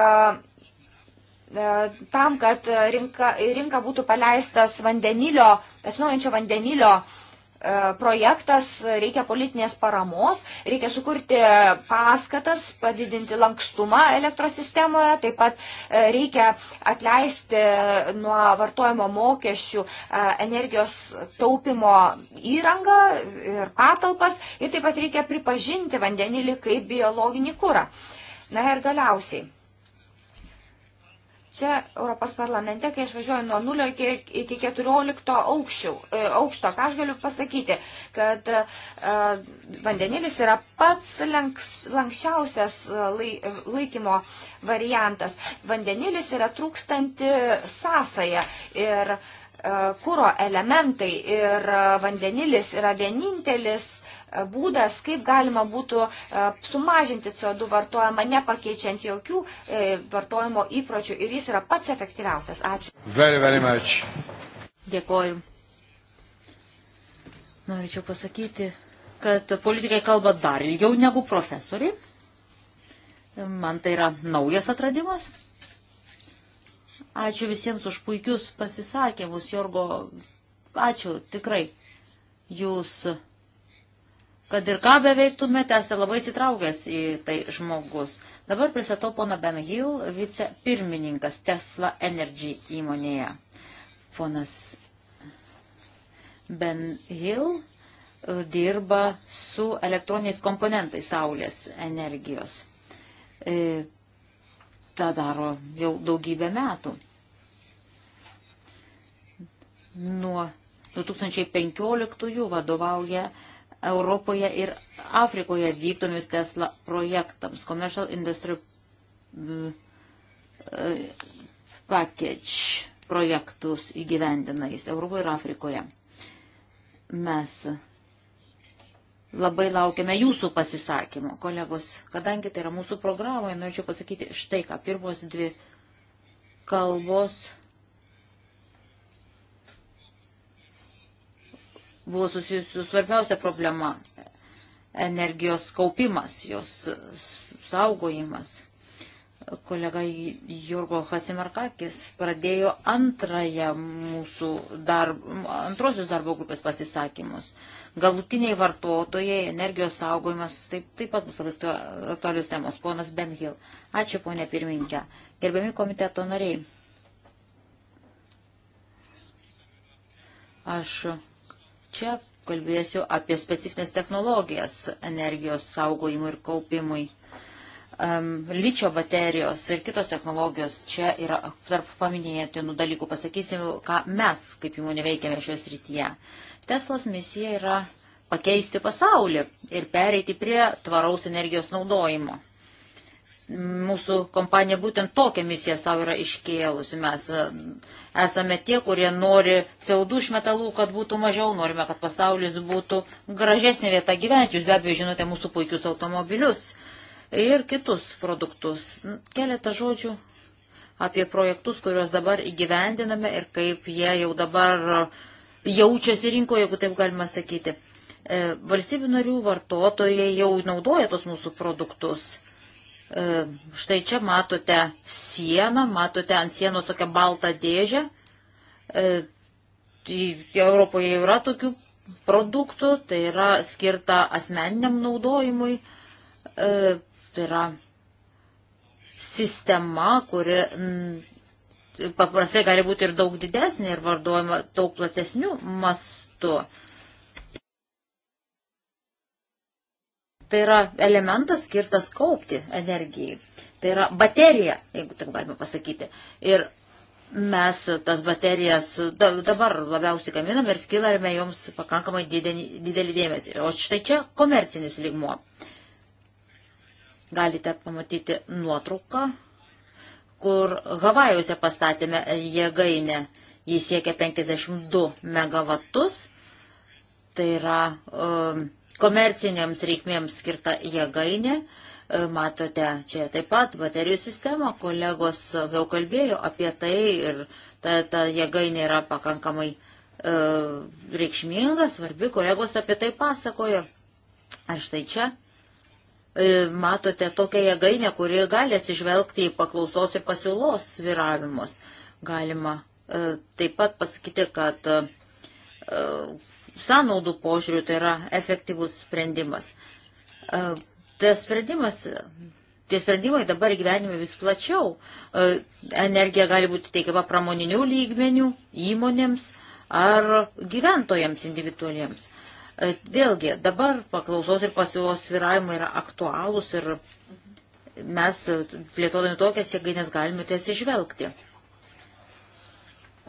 tam, kad rinka, rinka būtų paleistas vandenilio, esnuojančio vandenilio uh, E, projektas, reikia politinės paramos, reikia sukurti paskatas, padidinti lankstumą elektros sistemoje, taip pat e, reikia atleisti nuo vartojimo mokesčių e, energijos taupimo įrangą ir patalpas ir taip pat reikia pripažinti vandenilį kaip biologinį kūrą. Na ir galiausiai čia Europos parlamente, kai aš važiuoju nuo 0 iki, iki 14 aukščių, e, aukšto, ką aš galiu pasakyti, kad a, e, vandenilis yra pats lanks, lankščiausias e, lai, laikymo variantas. Vandenilis yra trūkstanti sąsaja ir a, kūro elementai ir vandenilis yra vienintelis a, būdas, kaip galima būtų e, sumažinti CO2 vartojimą, nepakeičiant jokių e, vartojimo įpročių ir jis yra pats efektyviausias. Ačiū. Very, very much. Dėkoju. Norėčiau pasakyti, kad politikai kalba dar ilgiau negu profesoriai. Man tai yra naujas atradimas. Ačiū visiems už puikius pasisakymus, Jorgo. Ačiū, tikrai. Jūs kad ir ką beveiktumėte, esate labai įsitraukęs į tai žmogus. Dabar pristatau pona Ben Hill, vicepirmininkas Tesla Energy įmonėje. Ponas Ben Hill e, dirba su elektroniniais komponentais Saulės energijos. E, tą daro jau daugybę metų. Nuo 2015 vadovauja Europoje ir Afrikoje vykdomis Tesla projektams. Commercial Industry mm, e, package projektus įgyvendinais Europoje ir Afrikoje. Mes labai laukiame jūsų pasisakymų, kolegos, kadangi tai yra mūsų programoje, norėčiau pasakyti štai ką, pirmos dvi kalbos buvo susijusi svarbiausia problema - energijos kaupimas, jos saugojimas. Kolega Jurgo Hasimarkakis pradėjo antrąją mūsų darb, antrosios darbo grupės pasisakymus. Galutiniai vartotojai, energijos saugojimas, taip, taip pat bus aktualius temos. Ponas Benhil. Ačiū, ponė pirminkė. Gerbiami komiteto nariai. Aš Čia kalbėsiu apie specifines technologijas energijos saugojimui ir kaupimui. Um, ličio baterijos ir kitos technologijos čia yra tarp paminėtinų dalykų. Pasakysiu, ką mes kaip įmonė veikiame šioje srityje. Teslos misija yra pakeisti pasaulį ir pereiti prie tvaraus energijos naudojimo. Mūsų kompanija būtent tokią misiją savo yra iškėlusi. Mes e, esame tie, kurie nori CO2 iš metalų, kad būtų mažiau, norime, kad pasaulis būtų gražesnė vieta gyventi. Jūs be abejo žinote mūsų puikius automobilius ir kitus produktus. Keletą žodžių apie projektus, kuriuos dabar įgyvendiname ir kaip jie jau dabar jaučiasi rinkoje, jeigu taip galima sakyti. E, valstybių narių vartotojai jau naudoja tos mūsų produktus. E, štai čia matote sieną, matote ant sienos tokią baltą dėžę. E, Europoje yra tokių produktų, tai yra skirta asmeniniam naudojimui. E, tai yra sistema, kuri paprastai gali būti ir daug didesnė ir varduojama daug platesnių mastų. Tai yra elementas skirtas kaupti energijai. Tai yra baterija, jeigu taip galima pasakyti. Ir mes tas baterijas dabar labiausiai gaminame ir skilame joms pakankamai didelį, didelį dėmesį. O štai čia komercinis lygmuo. Galite pamatyti nuotrauką, kur Havajuose pastatėme jėgainę. Jis siekia 52 megavatus. Tai yra. Um, komercinėms reikmėms skirta jėgainė. E, matote, čia taip pat baterijų sistema, kolegos jau kalbėjo apie tai ir ta, ta jėgainė yra pakankamai e, reikšminga, svarbi, kolegos apie tai pasakojo. Ar štai čia e, matote tokią jėgainę, kuri gali atsižvelgti į paklausos ir pasiūlos sviravimus. Galima e, taip pat pasakyti, kad e, sąnaudų požiūrių tai yra efektyvus sprendimas. E, tas sprendimas, tie sprendimai dabar gyvenime vis plačiau. E, energija gali būti teikiama pramoninių lygmenių, įmonėms ar gyventojams individualiems. E, vėlgi, dabar paklausos ir pasiūlos sviravimai yra aktualūs ir mes plėtodami tokias jėgainės galime tai atsižvelgti.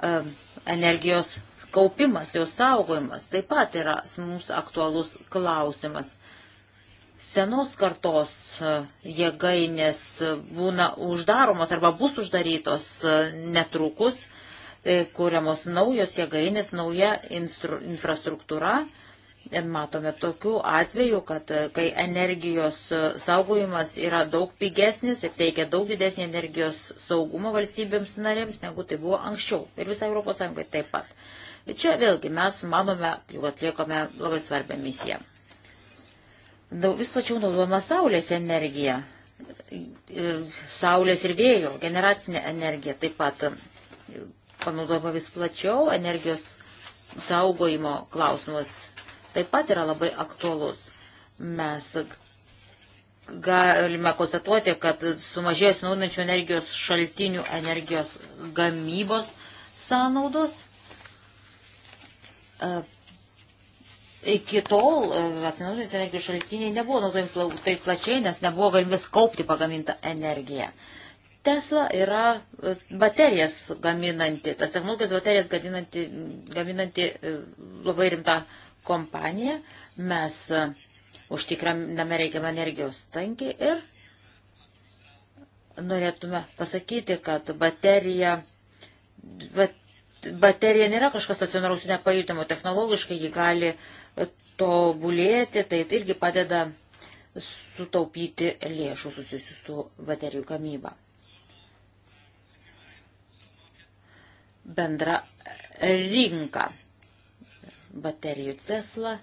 Energijos kaupimas, jos saugojimas taip pat yra mums aktualus klausimas. Senos kartos e, jėgainės būna uždaromos arba bus uždarytos e, netrukus, e, kuriamos naujos jėgainės, nauja infrastruktūra. Ir matome tokių atvejų, kad kai energijos saugojimas yra daug pigesnis ir teikia daug didesnį energijos saugumą valstybėms narėms, negu tai buvo anksčiau. Ir visai ES taip pat. Čia vėlgi mes manome, jog atliekame labai svarbią misiją. Daug, vis plačiau naudojama saulės energija, e, saulės ir vėjo, generacinė energija taip pat e, panaudojama vis plačiau, energijos saugojimo klausimas taip pat yra labai aktuolus. Mes galime konstatuoti, kad sumažėjus naudinančių energijos šaltinių energijos gamybos sąnaudos Iki tol atsinaujinantis energijos šaltiniai nebuvo naudojami taip plačiai, nes nebuvo galimybės kaupti pagamintą energiją. Tesla yra baterijas gaminanti, tas technologijas baterijas gaminanti, gaminanti labai rimta kompanija. Mes užtikriname reikiamą energijos tankį ir norėtume pasakyti, kad baterija, bet baterija nėra kažkas stacionaraus nepajutimo technologiškai, ji gali e, tobulėti, tai, tai irgi padeda sutaupyti lėšų susijusių su baterijų gamyba. Bendra rinka baterijų Cesla.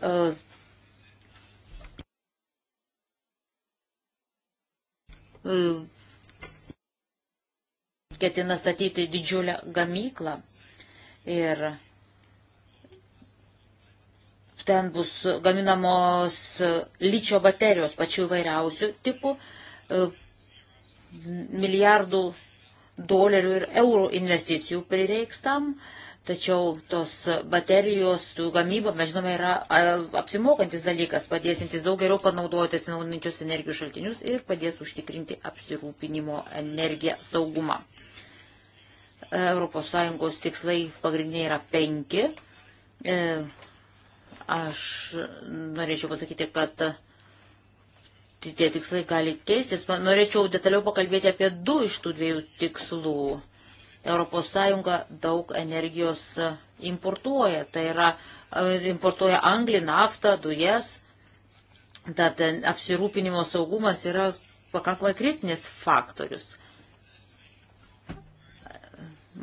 Uh, e, ketina statyti didžiulę gamyklą ir ten bus gaminamos lyčio baterijos pačių įvairiausių tipų, e, milijardų dolerių ir eurų investicijų prireiks tam Tačiau tos baterijos, tų gamyba, mes žinome, yra apsimokantis dalykas, padėsintis daug geriau panaudoti atsinaudinančius energijos šaltinius ir padės užtikrinti apsirūpinimo energiją saugumą. ES tikslai pagrindiniai yra penki. E, aš norėčiau pasakyti, kad tie tikslai gali keistis. Norėčiau detaliau pakalbėti apie du iš tų dviejų tikslų ES daug energijos e, importuoja, tai yra e, importuoja anglį, naftą, dujas, tad e, apsirūpinimo saugumas yra pakankamai kritinis faktorius.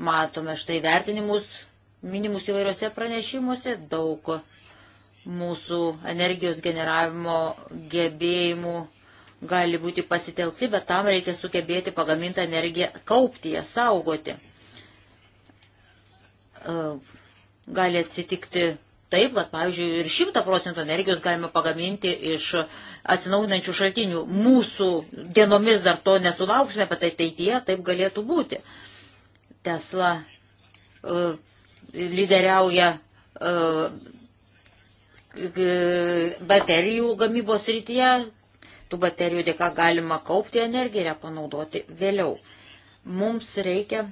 Matome štai vertinimus minimus įvairiose pranešimuose, daug mūsų energijos generavimo gebėjimų gali būti pasitelkti, bet tam reikia sugebėti pagamintą energiją kaupti, ją saugoti. E, gali atsitikti taip, kad, pavyzdžiui, ir 100 procentų energijos galima pagaminti iš atsinaujinančių šaltinių. Mūsų dienomis dar to nesulauksime, bet ateityje taip galėtų būti. Tesla uh, lyderiauja uh, baterijų gamybos rytyje, Tų baterijų dėka galima kaupti energiją ir ją panaudoti vėliau. Mums reikia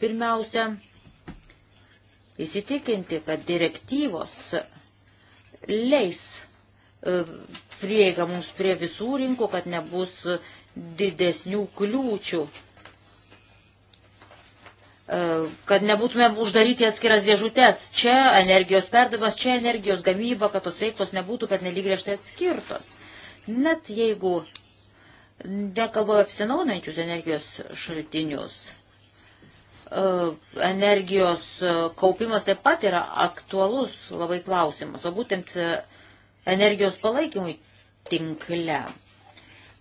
pirmiausia įsitikinti, kad direktyvos leis e, prieiga mums prie visų rinkų, kad nebus didesnių kliūčių e, kad nebūtume uždaryti atskiras dėžutės. Čia energijos perdavimas, čia energijos gamyba, kad tos veiklos nebūtų, kad nelyg griežtai atskirtos. Net jeigu nekalbame apsinaunančius energijos šaltinius, e, energijos e, kaupimas taip pat yra aktualus labai klausimas, o būtent e, energijos palaikymui tinkle.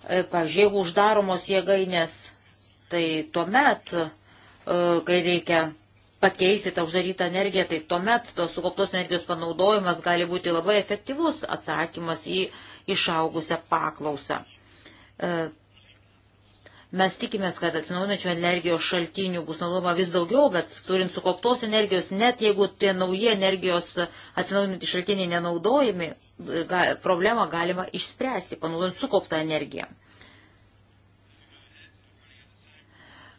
Pavyzdžiui, jeigu uždaromos jėgainės, tai tuomet, kai reikia pakeisti tą uždarytą energiją, tai tuomet tos sukauptos energijos panaudojimas gali būti labai efektyvus atsakymas į uh, išaugusią paklausą. E, mes tikimės, kad atsinaujinančių energijos šaltinių bus naudojama vis daugiau, bet turint sukauptos energijos, net jeigu tie nauji energijos atsinaujinantys šaltiniai nenaudojami, e, problemą galima išspręsti, panaudojant sukauptą energiją.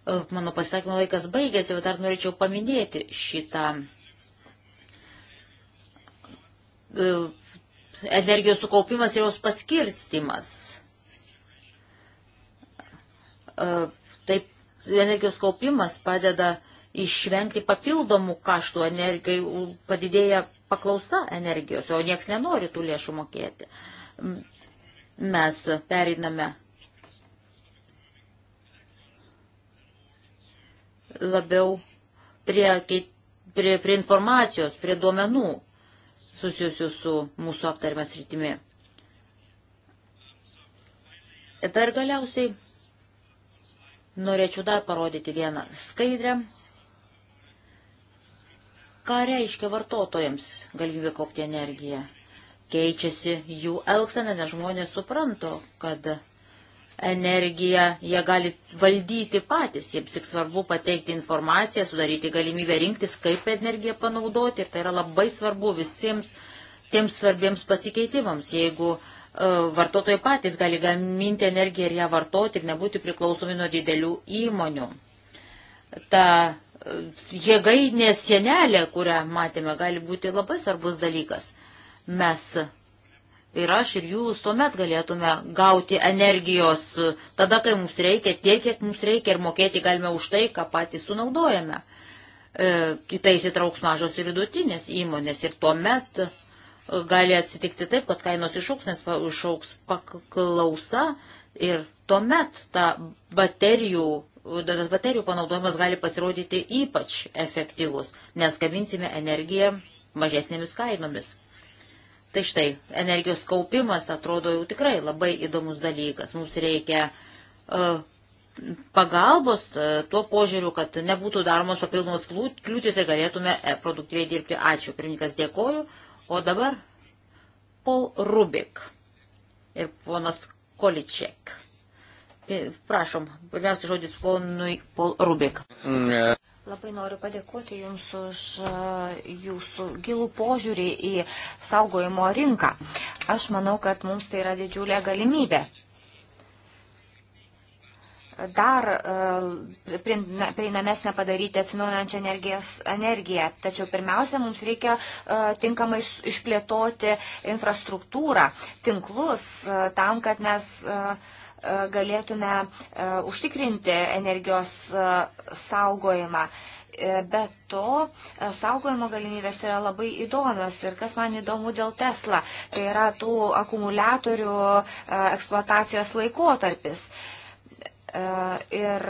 E, mano pasakymo laikas baigėsi, bet dar norėčiau paminėti šitą energijos sukaupimas ir jos paskirstimas. E, taip, energijos kaupimas padeda išvengti papildomų kaštų energijai, padidėja paklausa energijos, o nieks nenori tų lėšų mokėti. Mes periname labiau prie, prie, prie informacijos, prie duomenų susijusių su mūsų aptarimas rytimi. Dar galiausiai norėčiau dar parodyti vieną skaidrę, ką reiškia vartotojams galimybė kokti energiją. Keičiasi jų elgsena, nes žmonės supranto, kad energiją jie gali valdyti patys, jiems tik svarbu pateikti informaciją, sudaryti galimybę rinktis, kaip energiją panaudoti ir tai yra labai svarbu visiems tiems svarbiems pasikeitimams, jeigu e, vartotojai patys gali gaminti energiją ir ją vartoti ir nebūti priklausomi nuo didelių įmonių. Ta e, jėgainė sienelė, kurią matėme, gali būti labai svarbus dalykas. Mes ir aš, ir jūs tuomet galėtume gauti energijos tada, kai mums reikia, tiek, kiek mums reikia ir mokėti galime už tai, ką patys sunaudojame. E, Kitai įsitrauks mažos ir vidutinės įmonės ir tuomet e, gali atsitikti taip, kad kainos išauks, nes išauks paklausa ir tuomet ta baterijų, tas baterijų panaudojimas gali pasirodyti ypač efektyvus, nes gaminsime energiją mažesnėmis kainomis. Tai štai, energijos kaupimas atrodo jau tikrai labai įdomus dalykas. Mums reikia uh, pagalbos uh, tuo požiūriu, kad nebūtų daromos papildomos kliūtis ir galėtume e, produktyviai dirbti. Ačiū, pirmininkas dėkoju. O dabar Paul Rubik ir ponas Količek. Prašom, pirmiausia žodis ponui Paul Rubik. Mm, yeah. Labai noriu padėkoti Jums už e, Jūsų gilų požiūrį į saugojimo rinką. Aš manau, kad mums tai yra didžiulė galimybė. Dar e, prieinamesnę padaryti atsinaujinančią energiją. Tačiau pirmiausia, mums reikia e, tinkamai išplėtoti infrastruktūrą, tinklus, tam, kad mes galėtume e, užtikrinti energijos e, saugojimą. E, be to, saugojimo galimybės yra labai įdomios ir kas man įdomu dėl Tesla, tai yra tų akumuliatorių eksploatacijos laikotarpis. Ir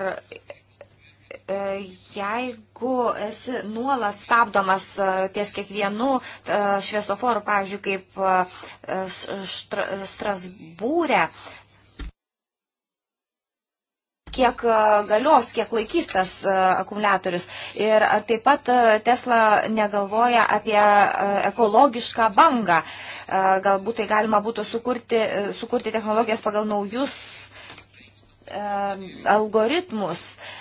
jeigu esi nuolat stabdomas ties kiekvienu šviesoforu, pavyzdžiui, kaip Strasbūrė, kiek e, galios, kiek laikys tas e, akumuliatorius. Ir taip pat e, Tesla negalvoja apie ekologišką bangą. Galbūt tai galima būtų sukurti, sukurti technologijas pagal naujus algoritmus. Uh,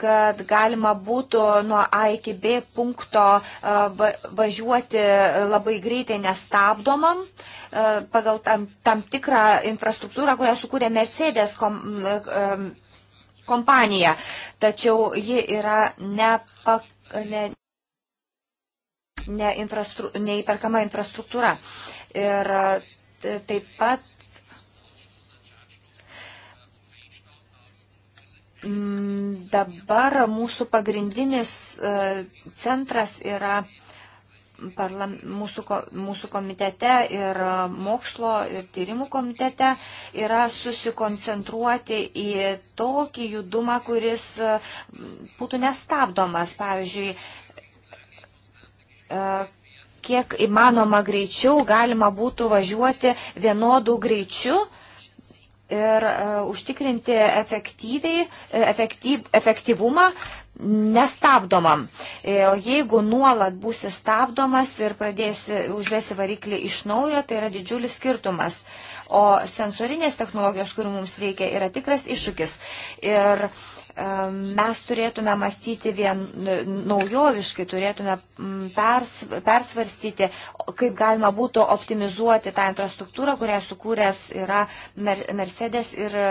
kad galima būtų nuo A iki B punkto e, važiuoti labai greitai nestabdomam e, pagal tam, tam tikrą infrastruktūrą, kurią sukūrė Mercedes kom, e, kompanija. Tačiau ji yra nepak, ne, ne infrastru, neįperkama infrastruktūra. Ir taip pat Mm, dabar mūsų pagrindinis e, centras yra parlam, mūsų, mūsų komitete ir e, mokslo ir tyrimų komitete yra susikoncentruoti į tokį judumą, kuris e, būtų nestabdomas. Pavyzdžiui, kiek įmanoma greičiau galima būtų važiuoti vienodų greičių ir e, užtikrinti e, efektyv, efektyvumą nestabdomam. E, o jeigu nuolat būsi stabdomas ir pradėsi užvesi variklį iš naujo, tai yra didžiulis skirtumas. O sensorinės technologijos, kurių mums reikia, yra tikras iššūkis. Ir uh, mes turėtume mąstyti vien naujoviškai, turėtume pers, persvarstyti, kaip galima būtų optimizuoti tą infrastruktūrą, kurią sukūręs yra Mercedes ir e,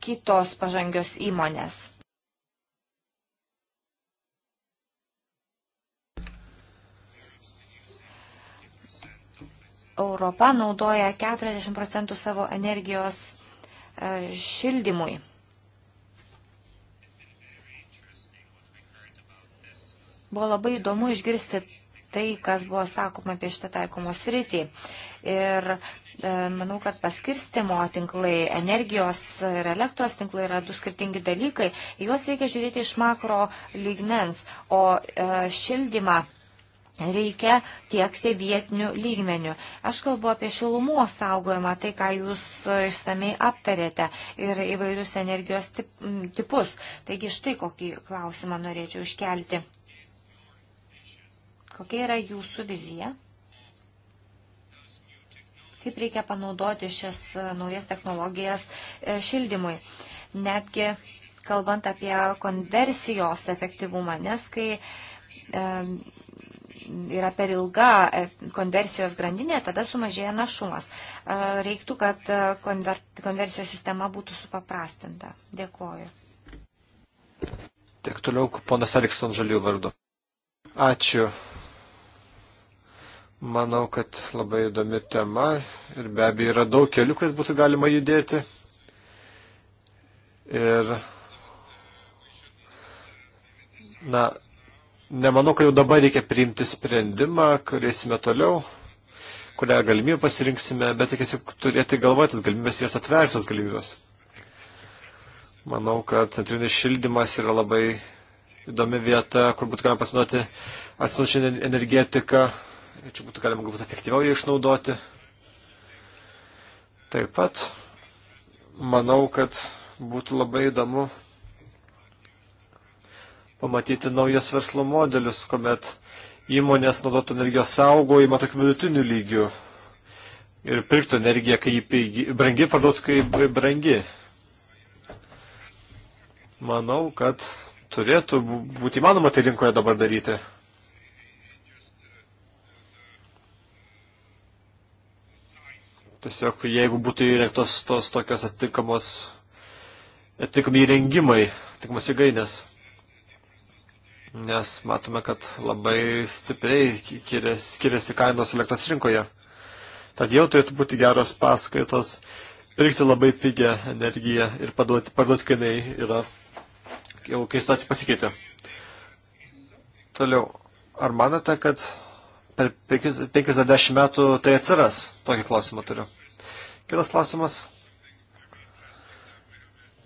kitos pažangios įmonės. Europa naudoja 40 procentų savo energijos e, šildymui. Buvo labai įdomu išgirsti tai, kas buvo sakoma apie šitą taikomą sritį. Ir e, manau, kad paskirstimo tinklai, energijos ir elektros tinklai yra du skirtingi dalykai. Juos reikia žiūrėti iš makro lygmens, o e, šildymą reikia tiekti vietinių lygmenių. Aš kalbu apie šilumos saugojimą, tai ką jūs išsamei aptarėte ir įvairius energijos tipus. Taigi štai kokį klausimą norėčiau iškelti. Kokia yra jūsų vizija? Kaip reikia panaudoti šias e, naujas technologijas e, šildymui? Netgi kalbant apie konversijos efektyvumą, nes kai e, yra per ilga konversijos grandinė, tada sumažėja našumas. Reiktų, kad konversijos sistema būtų supaprastinta. Dėkuoju. Tiek toliau, ponas Alekson Žalių vardu. Ačiū. Manau, kad labai įdomi tema ir be abejo yra daug kelių, kuriais būtų galima judėti. Ir, na, nemanau, kad jau dabar reikia priimti sprendimą, kurėsime toliau kurią galimybę pasirinksime, bet tiesiog turėti galvoje tas galimybės ir jas atverti tas galimybės. Manau, kad centrinis šildymas yra labai įdomi vieta, kur būtų galima pasinaudoti atsinaušinę energetiką, kad čia būtų galima galbūt efektyviau jį išnaudoti. Taip pat manau, kad būtų labai įdomu pamatyti naujas verslo modelius, kuomet įmonės naudotų energijos saugojimą tokiu vidutiniu lygiu ir pirktų energiją, kai jį brangi, parduotų, kai brangi. Manau, kad turėtų būti įmanoma tai rinkoje dabar daryti. Tiesiog jeigu būtų įrengtos tos tokios atitinkamos, atitinkami įrengimai, atitinkamos įgainės. Nes matome, kad labai stipriai skiriasi kainos elektros rinkoje. Tad jau turėtų būti geros paskaitos pirkti labai pigią energiją ir paduoti, parduoti, kai jinai yra, jau kai situacija pasikeitė. Toliau, ar manote, kad per 50 metų tai atsiras? Tokį klausimą turiu. Kitas klausimas.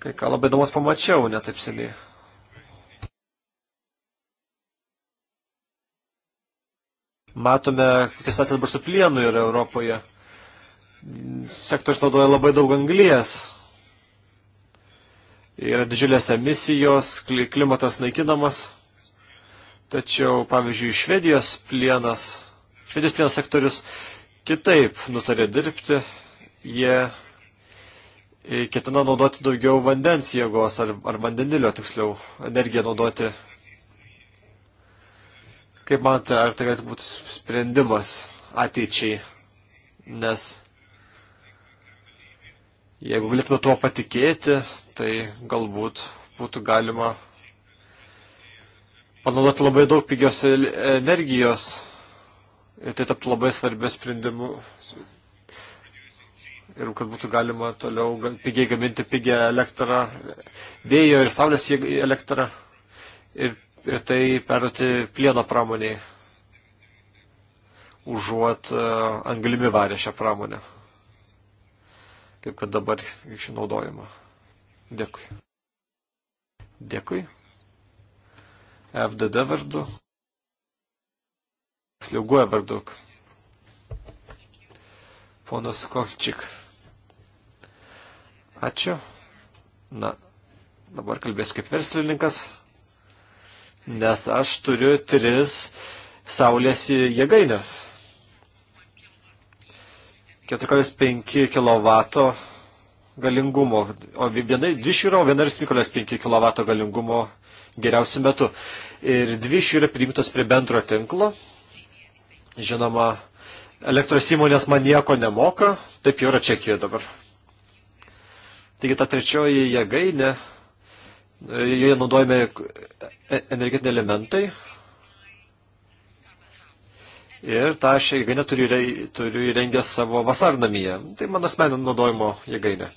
Kai ką labai įdomus pamačiau, netaip seniai. Matome, kokia situacija dabar su plienu yra Europoje. Sektorius naudoja labai daug anglijas. Yra didžiulės emisijos, klimatas naikinamas. Tačiau, pavyzdžiui, Švedijos plienas, Švedijos plienas sektorius kitaip nutarė dirbti. Jie e, ketina naudoti daugiau vandens jėgos ar, ar vandenilio, tiksliau, energiją naudoti. Kaip manote, ar tai galėtų būti sprendimas ateičiai? Nes jeigu galėtume tuo patikėti, tai galbūt būtų galima panaudoti labai daug pigios energijos ir tai taptų labai svarbia sprendimu. Ir kad būtų galima toliau pigiai gaminti pigią elektrą, vėjo ir saulės elektrą ir, ir tai perduoti plieno pramoniai, užuot uh, anglimi varę šią pramonę, kaip kad dabar išnaudojama. Dėkui. Dėkui. FDD vardu. Sliauguoja vardu. Ponas Kovčik. Ačiū. Na, dabar kalbėsiu kaip verslininkas, nes aš turiu tris saulės jėgainės. 4,5 kW galingumo, o viena, dvi iš jų yra, o viena ir 5 kW galingumo geriausiu metu. Ir dvi iš jų yra prijungtos prie bendro tinklo. Žinoma, elektros įmonės man nieko nemoka, taip jau yra Čekijoje dabar. Taigi ta trečioji jėgainė, joje naudojami e- energetiniai elementai. Ir tą aš jėgainę turiu, turiu įrengę savo vasarnamyje. Tai mano asmeninio naudojimo jėgainė.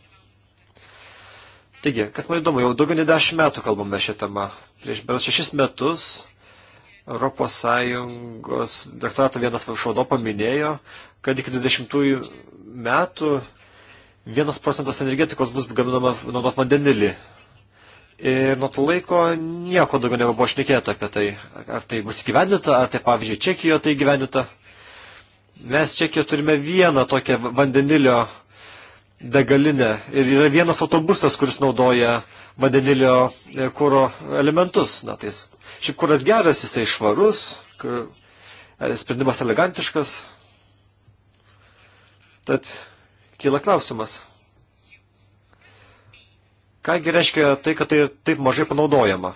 Taigi, kas man įdomu, jau daugiau nei dešimt metų kalbame šią temą. Prieš beras šešis metus Europos Sąjungos doktorato vienas šaudo paminėjo, kad iki 20 metų vienas procentas energetikos bus gaminama naudot vandenilį. Ir nuo to laiko nieko daugiau nebuvo šnekėta apie tai. Ar tai bus įgyvendinta, ar tai pavyzdžiui Čekijoje tai įgyvendinta. Mes Čekijoje turime vieną tokią vandenilio degalinę ir yra vienas autobusas, kuris naudoja vandenilio e, kūro elementus. Na, tai šiaip kūras geras, jisai švarus, kur, e, sprendimas elegantiškas. Tad kyla klausimas. Kągi reiškia tai, kad tai taip mažai panaudojama?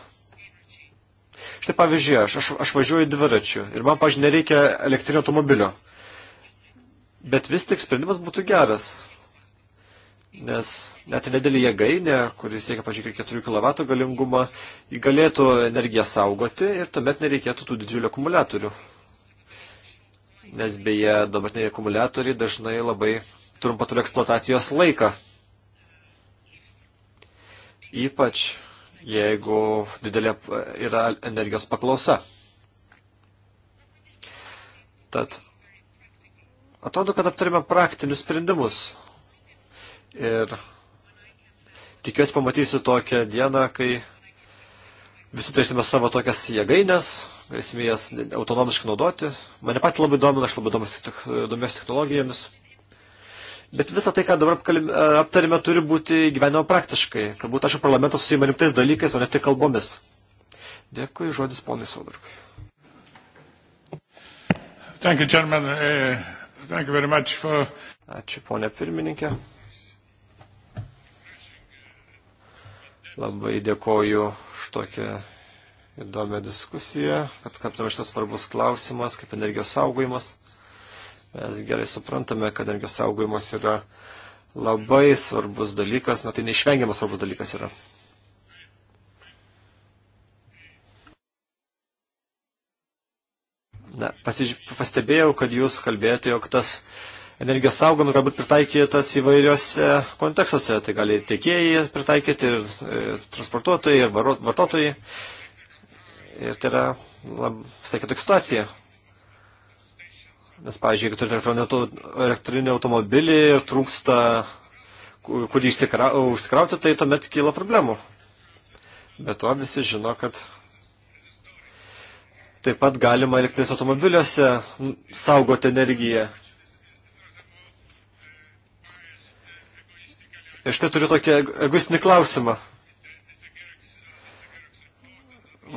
Štai pavyzdžiui, aš, aš, aš važiuoju dviračiu ir man, pažiūrėjau, nereikia elektrinio automobilio. Bet vis tik sprendimas būtų geras nes net nedidelį jėgainę, kuris siekia, pažiūrėkite, 4 kW galingumą, galėtų energiją saugoti ir tuomet nereikėtų tų didžiulių akumuliatorių. Nes beje, dabartiniai akumuliatoriai dažnai labai trumpą turi eksploatacijos laiką. Ypač jeigu didelė yra energijos paklausa. Tad atrodo, kad aptarėme praktinius sprendimus Ir tikiuosi pamatysiu tokią dieną, kai visi turėsime savo tokias jėgainės, galėsime jas autonomiškai naudoti. Mane pati labai domina, aš labai domiuosi technologijomis. Bet visą tai, ką dabar aptarime, turi būti gyvenimo praktiškai, kad būtų aš ir parlamentas susijima rimtais dalykais, o ne tik kalbomis. Dėkui, žodis ponui Saudarkui. Thank you, gentlemen. Uh, thank you very much for... Ačiū, ponė pirmininkė. Labai dėkoju už tokią įdomią diskusiją, kad kaptame šitas svarbus klausimas, kaip energijos saugojimas. Mes gerai suprantame, kad energijos saugojimas yra labai svarbus dalykas, na tai neišvengiamas svarbus dalykas yra. Na, pasiž... pastebėjau, kad jūs kalbėjote, jog tas energijos saugomis galbūt pritaikytas įvairiose kontekstuose. Tai gali tiekėjai pritaikyti ir, ir transportuotojai, ir vartotojai. Ir tai yra visai kitokia situacija. Nes, pavyzdžiui, jeigu turite elektrinį automobilį ir trūksta, kurį išsikra, išsikrauti, tai tuomet kyla problemų. Bet to visi žino, kad taip pat galima elektrinės automobiliuose saugoti energiją. Aš tai turiu tokį egoistinį klausimą.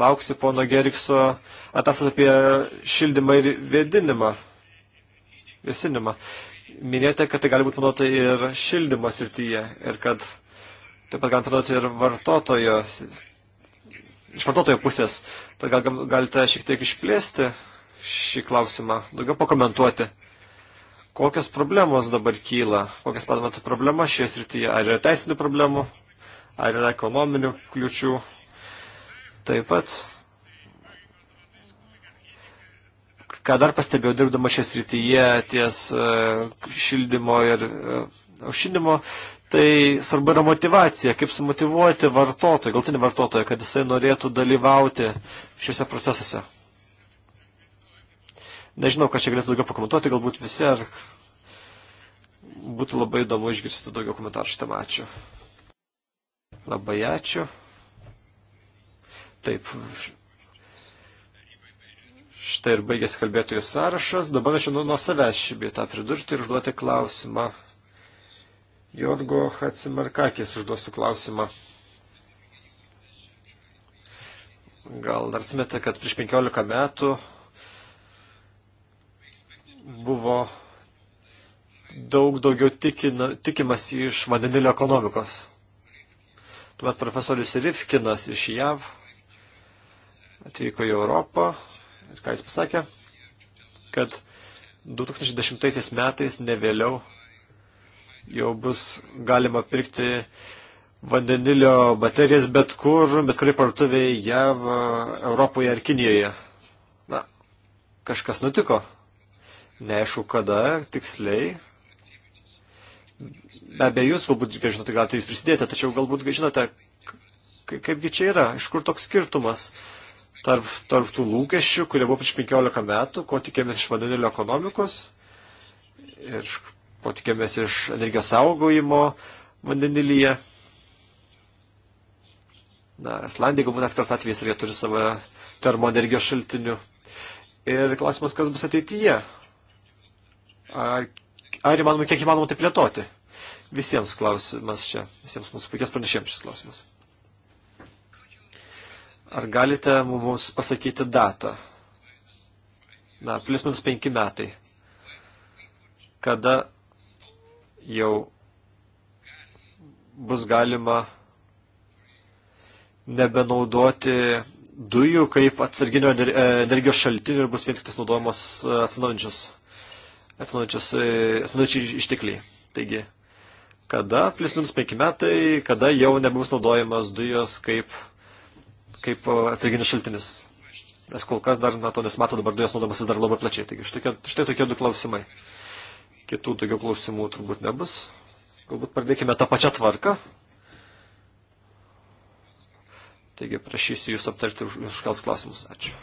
Lauksiu pono Gerikso atasas apie šildymą ir vėdinimą. Vėsinimą. Minėjote, kad tai gali būti panaudota ir šildymo srityje ir kad taip pat galima panaudoti ir vartotojo, iš vartotojo pusės. Tai gal, galite šiek tiek išplėsti šį klausimą, daugiau pakomentuoti. Kokios problemos dabar kyla? Kokias matome problemas šioje srityje? Ar yra teisinių problemų? Ar yra ekonominių kliučių? Taip pat, ką dar pastebėjau dirbdama šią srityje ties e, šildymo ir e, aušinimo, tai svarbu yra motivacija, kaip sumotivuoti vartotoją, galtinį vartotoją, kad jisai norėtų dalyvauti šiuose procesuose. Nežinau, kas čia galėtų daugiau pakomentuoti, galbūt visi, ar būtų labai įdomu išgirsti daugiau komentarų šitą ačiū. Labai ačiū. Taip. Štai ir baigėsi kalbėtojų sąrašas. Dabar aš jau nuo savęs šį bitą pridurti ir užduoti klausimą. Jorgo Hatsimarkakis užduosiu klausimą. Gal dar atsimete, kad prieš 15 metų buvo daug daugiau tikina, tikimasi iš vandenilio ekonomikos. Tuomet profesorius Rifkinas iš JAV atvyko į Europą ir ką jis pasakė, kad 2010 metais nevėliau jau bus galima pirkti vandenilio baterijas bet kur, bet kuriai parduotuvėje JAV, Europoje ar Kinijoje. Na, kažkas nutiko neaišku kada, tiksliai. Be abejo, jūs galbūt žinote, galite jūs prisidėti, tačiau galbūt žinote, kaipgi čia yra, iš kur toks skirtumas tarp, tarp tų lūkesčių, kurie buvo prieš 15 metų, ko tikėmės iš vandenilio ekonomikos ir ko tikėmės iš energijos saugojimo vandenilyje. Na, Islandija galbūt atskiras atvejis ir jie turi savo termoenergijos šaltinių. Ir klausimas, kas bus ateityje? Ar, ar įmanoma, kiek įmanoma tai plėtoti? Visiems klausimas čia, visiems mūsų puikios pranešėjams šis klausimas. Ar galite mums pasakyti datą? Na, plus minus penki metai. Kada jau bus galima nebenaudoti dujų kaip atsarginio e, energijos šaltinių ir bus vien tik tas naudojamos e, atsinaujančios E, atsinaujančiai ištikliai. Taigi, kada, plus minus penki metai, kada jau nebus naudojamas dujos kaip, kaip e, atsarginis šaltinis. Nes kol kas dar, na, to nesimato, dabar dujos naudojamas vis dar labai plačiai. Taigi, štai, štai tokie du klausimai. Kitų daugiau klausimų turbūt nebus. Galbūt pradėkime tą pačią tvarką. Taigi prašysiu Jūs aptarti už, už klausimus. Ačiū.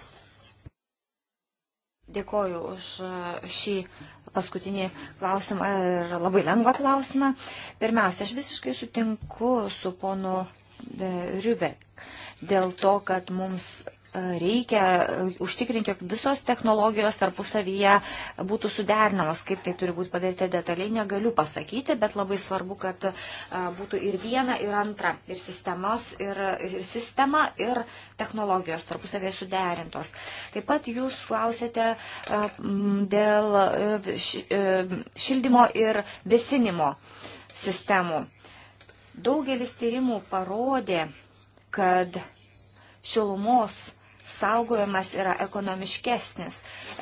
Dėkoju už e, šį paskutinį klausimą ir labai lengvą klausimą. Pirmiausia, aš visiškai sutinku su ponu e, Riubek dėl to, kad mums reikia e, užtikrinti, jog visos technologijos tarpusavyje būtų suderinamos, kaip tai turi būti padaryti detaliai, negaliu pasakyti, bet labai svarbu, kad e, būtų ir viena, ir antra, ir, sistemos, ir, ir sistema, ir technologijos tarpusavyje suderintos. Taip pat jūs klausėte e, dėl šildymo ir vesinimo sistemų. Daugelis tyrimų parodė, kad šilumos saugojimas yra ekonomiškesnis.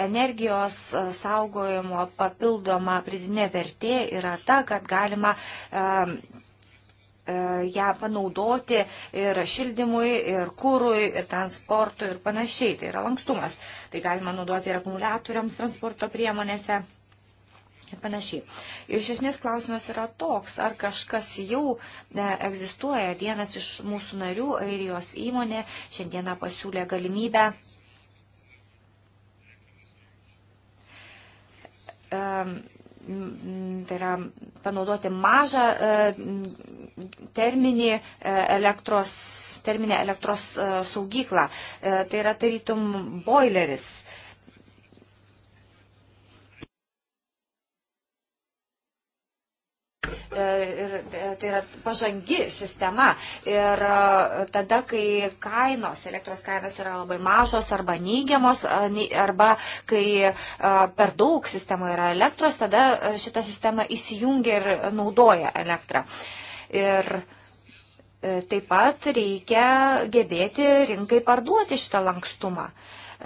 Energijos e, saugojimo papildoma pridinė vertė yra ta, kad galima e, e, ją panaudoti ir šildymui, ir kūrui, ir transportui, ir panašiai. Tai yra lankstumas. Tai galima naudoti ir akumuliatoriams transporto priemonėse ir panašiai. Ir iš esmės klausimas yra toks, ar kažkas jau e, egzistuoja. Vienas iš mūsų narių, airijos įmonė, šiandieną pasiūlė galimybę e, tai yra panaudoti mažą e, terminį elektros, terminę elektros saugyklą. Tai yra tarytum boileris E, ir e, tai yra pažangi sistema. Ir e, tada, kai kainos, elektros kainos yra labai mažos arba neigiamos, arba kai per daug sistemų yra elektros, tada šita sistema įsijungia ir naudoja elektrą. Ir taip pat reikia gebėti rinkai parduoti šitą lankstumą. Uh,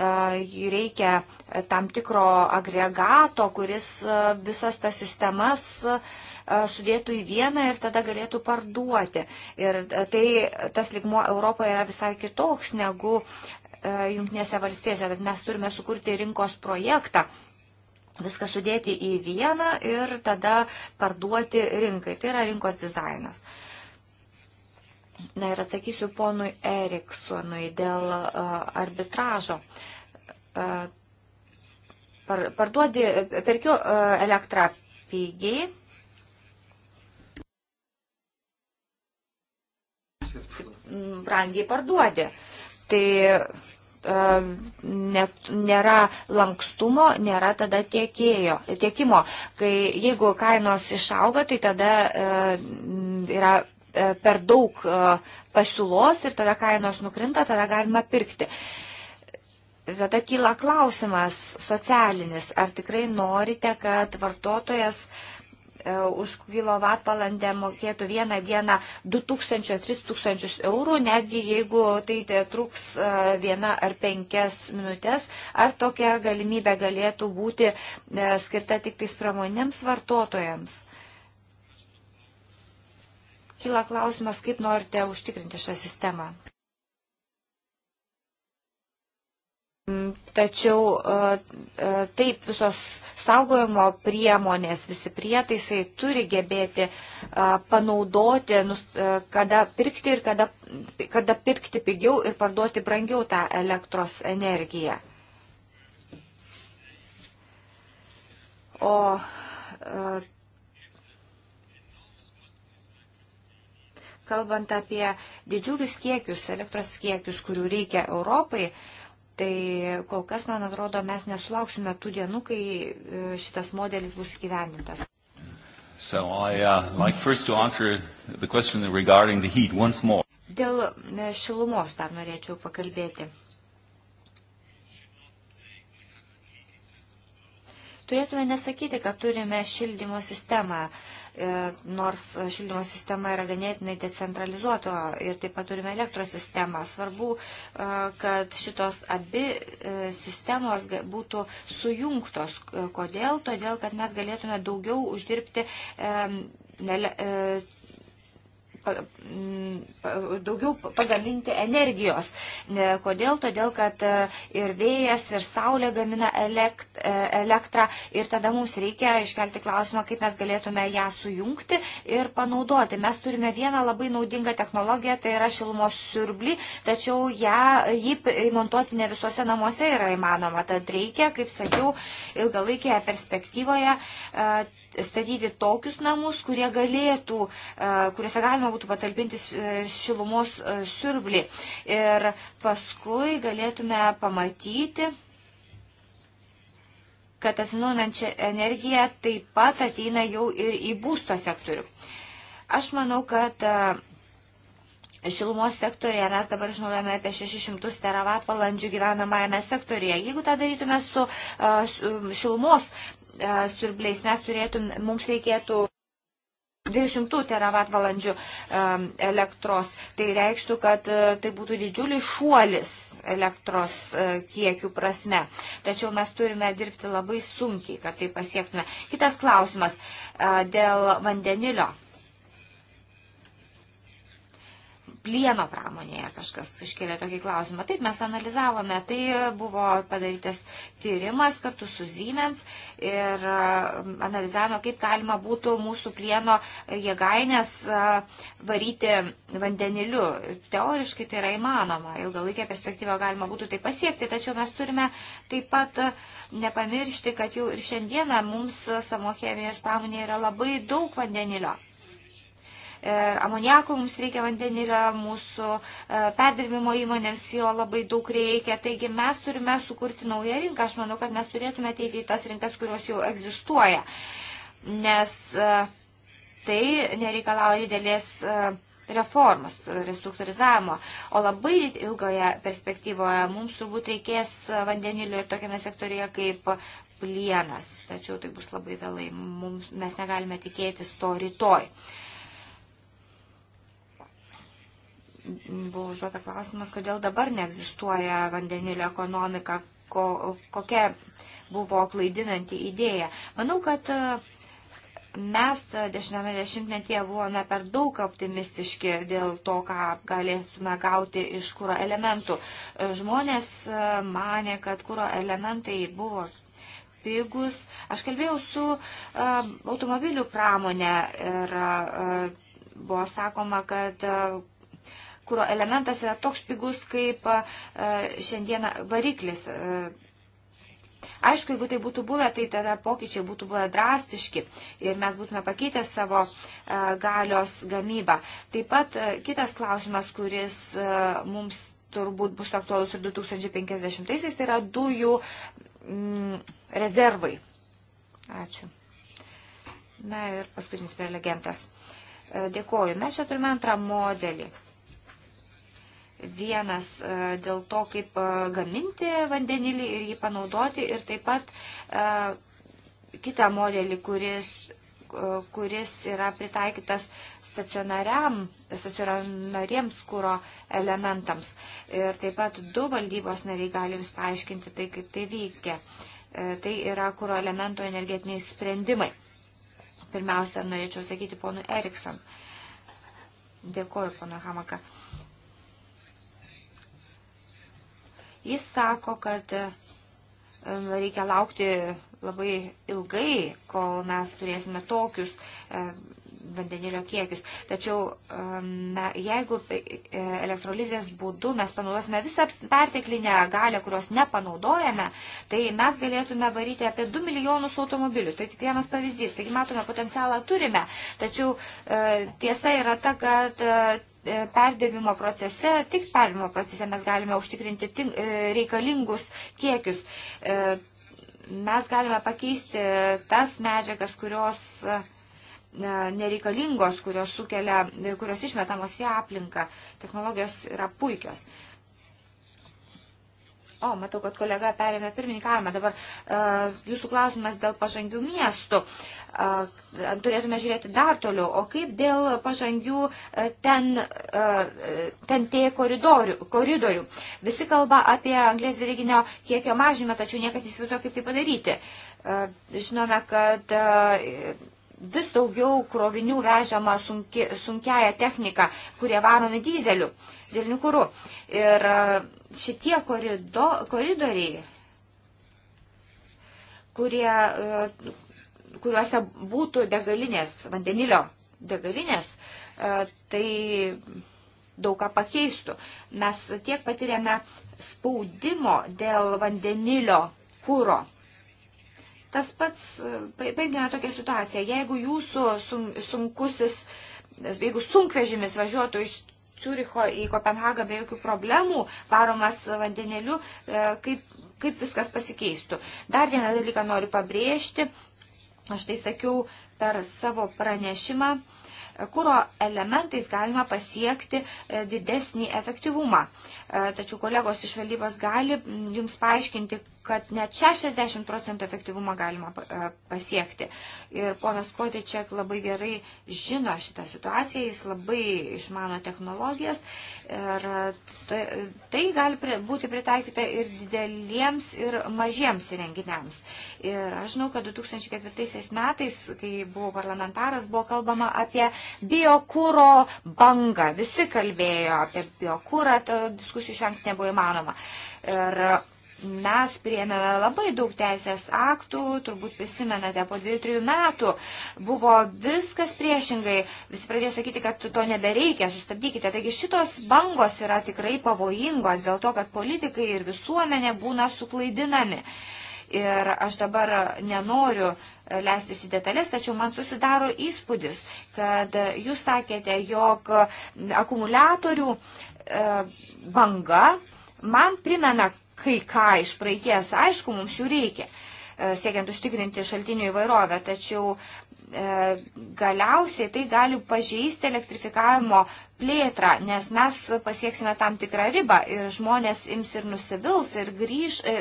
reikia tam tikro agregato, kuris visas tas sistemas sudėtų į vieną ir tada galėtų parduoti. Ir tai tas ligmuo Europoje yra visai kitoks negu Junktinėse valstijose, bet mes turime sukurti rinkos projektą viską sudėti į vieną ir tada parduoti rinkai. Tai yra rinkos dizainas. Uh, Na ir atsakysiu ponui Eriksonui dėl arbitražo. Par, parduodi, perkiu elektrą pigiai. Brangiai parduodi. Tai net, nėra lankstumo, nėra tada tiekėjo, tiekimo. Kai jeigu kainos išauga, tai tada e, yra E, per daug e, pasiūlos ir tada kainos nukrinta, tada galima pirkti. Tada kyla klausimas socialinis, ar tikrai norite, kad vartotojas e, už kilovatvalandę mokėtų vieną dieną 2000-3000 eurų, netgi jeigu tai, tai truks vieną ar penkias minutės, ar tokia galimybė galėtų būti skirta tik tais pramonėms vartotojams kyla klausimas, kaip norite užtikrinti šią sistemą. Mm, tačiau e, e, taip visos saugojimo priemonės, visi prietaisai turi gebėti e, panaudoti, kada pirkti ir kada, kada pirkti pigiau ir parduoti brangiau tą elektros energiją. O Kalbant apie didžiulius kiekius, elektros kiekius, kurių reikia Europai, tai kol kas, man atrodo, mes nesulauksime tų dienų, kai e, šitas modelis bus įgyvendintas. So I uh, like first to answer the question regarding the heat once more. Dėl e, šilumos dar norėčiau pakalbėti. Turėtume nesakyti, kad turime šildymo sistemą. Uh, E, nors šildymo sistema yra ganėtinai decentralizuoto ir taip pat turime elektros sistemą. Svarbu, e, kad šitos abi e, sistemos būtų sujungtos. Kodėl? Todėl, kad mes galėtume daugiau uždirbti Mm, daugiau pagaminti energijos. Kodėl? Todėl, kad e, ir vėjas, ir saulė gamina elekt, e, elektrą ir tada mums reikia iškelti klausimą, kaip mes galėtume ją sujungti ir panaudoti. Mes turime vieną labai naudingą technologiją, tai yra šilumos siurblį, tačiau ją, jį montuoti ne visuose namuose yra įmanoma. Tad reikia, kaip sakiau, ilgalaikėje perspektyvoje e, statyti tokius namus, kurie galėtų, e, kuriuose galima būtų patalpinti e, šilumos e, siurblį. Ir paskui galėtume pamatyti kad atsinaujinančia energija taip pat ateina jau ir į būsto sektorių. Aš manau, kad Šilumos sektorėje mes dabar išnaudojame apie 600 teravat valandžių gyvenamajame sektorėje. Jeigu tą darytume su, e, su šilumos e, siurbliais, mes turėtum, mums reikėtų 200 teravat valandžių e, elektros. Tai reikštų, kad tai būtų didžiulis šuolis elektros kiekių prasme. Tačiau mes turime dirbti labai sunkiai, kad tai pasiektume. Kitas klausimas dėl vandenilio plieno pramonėje kažkas iškėlė tokį klausimą. Taip, mes analizavome, tai buvo padarytas tyrimas kartu su Siemens ir e, analizavome, kaip galima būtų mūsų plieno jėgainės e, varyti vandeniliu. Teoriškai tai yra įmanoma, ilgalaikė perspektyva galima būtų tai pasiekti, tačiau mes turime taip pat e, nepamiršti, kad jau ir šiandieną mums samo chemijos pramonėje yra labai daug vandenilio ir e, amoniako mums reikia vandenilio, mūsų e, perdirbimo įmonėms jo labai daug reikia. Taigi mes turime sukurti naują rinką. Aš manau, kad mes turėtume ateiti į tas rinkas, kurios jau egzistuoja. Nes e, tai nereikalauja didelės reformos, restruktūrizavimo. O labai ilgoje perspektyvoje mums turbūt reikės vandenilio ir tokiame sektorėje kaip plienas. Tačiau tai bus labai vėlai. Mums, mes negalime tikėtis to rytoj. Uh, buvo užduota klausimas, kodėl dabar neegzistuoja vandenilio ekonomika, ko, kokia buvo klaidinanti idėja. Manau, kad e, mes dešiniame dešimtmetyje buvome per daug optimistiški dėl to, ką galėtume gauti iš kūro elementų. E, žmonės e, mane, kad kūro elementai buvo pigus. Aš kalbėjau su automobilių pramonė ir buvo sakoma, kad kūro elementas yra toks pigus kaip e, šiandieną variklis. E, aišku, jeigu tai būtų buvę, tai tada pokyčiai būtų buvę drastiški ir mes būtume pakeitę savo e, galios gamybą. Taip pat kitas klausimas, kuris mums turbūt bus aktualus ir 2050-aisiais, tai yra dujų mm, rezervai. Ačiū. Na ir paskutinis prelegentas. Dėkoju. Mes čia turime antrą modelį. Vienas e, dėl to, kaip e, gaminti vandenilį ir jį panaudoti ir taip pat e, kitą modelį, kuris, kuris yra pritaikytas stacionariems kūro elementams. Ir taip pat du valdybos nariai gali jums paaiškinti tai, kaip tai veikia. Tai yra kūro elemento energetiniai sprendimai. Pirmiausia, norėčiau sakyti ponui Erikson. Dėkuoju, pono Hamaka. Uh, Jis sako, kad reikia laukti labai ilgai, kol mes turėsime tokius vandenilio kiekius. Tačiau na, jeigu e, e, elektrolizės būdu mes panaudosime visą perteklinę galę, kurios nepanaudojame, tai mes galėtume varyti apie 2 milijonus automobilių. Tai tik vienas pavyzdys. Taigi matome, potencialą turime. Tačiau e, tiesa yra ta, kad E, perdėvimo procese, tik perdėvimo procese mes galime užtikrinti tink, e, reikalingus kiekius. E, mes galime pakeisti tas medžiagas, kurios nereikalingos, kurios, sukelia, kurios išmetamos į aplinką. Technologijos yra puikios. O, matau, kad kolega perėmė pirmininkavimą. Dabar uh, jūsų klausimas dėl pažangių miestų. Uh, turėtume žiūrėti dar toliau. O kaip dėl pažangių ten, ten tie koridorių, koridorių? Visi kalba apie anglės dvideginio kiekio mažymą, tačiau niekas įsivaizduoja, kaip tai padaryti. Žinome, kad vis daugiau krovinių vežama sunki, sunkiaja technika, kurie varomi dizeliu, dėliniu kūru. Ir šitie korido, koridoriai kurie kuriuose būtų degalinės, vandenilio degalinės, e, tai daug ką pakeistų. Mes tiek patiriame spaudimo dėl vandenilio kūro. Tas pats, e, paimkime tokią situaciją, jeigu jūsų sunkusis, jeigu sunkvežimis važiuotų iš Ciuricho į Kopenhagą be jokių problemų, varomas vandenėliu, e, kaip, kaip viskas pasikeistų. Dar vieną dalyką noriu pabrėžti, aš tai sakiau per savo pranešimą, kūro elementais galima pasiekti e, didesnį efektyvumą. E, tačiau kolegos iš valdybos gali jums paaiškinti, kad net 60 procentų efektyvumą galima e, pasiekti. Ir ponas Kotičiak labai gerai žino šitą situaciją, jis labai išmano technologijas ir tai, tai gali būti pritaikyta ir dideliems, ir mažiems įrenginiams. Ir aš žinau, kad 2004 metais, kai buvau parlamentaras, buvo kalbama apie biokūro bangą. Visi kalbėjo apie biokūrą, diskusijų išvengti nebuvo įmanoma. Ir mes priemėme labai daug teisės aktų, turbūt prisimenate, po 2-3 metų buvo viskas priešingai, visi pradėjo sakyti, kad to nebereikia, sustabdykite. Taigi šitos bangos yra tikrai pavojingos dėl to, kad politikai ir visuomenė būna suklaidinami. Ir aš dabar nenoriu leistis į detalės, tačiau man susidaro įspūdis, kad jūs sakėte, jog akumuliatorių e, banga man primena kai ką iš praeities. Aišku, mums jų reikia, e, siekiant užtikrinti šaltinių įvairovę, tačiau e, galiausiai tai gali pažeisti elektrifikavimo plėtrą, nes mes pasieksime tam tikrą ribą ir žmonės ims ir nusivils ir grįž, e,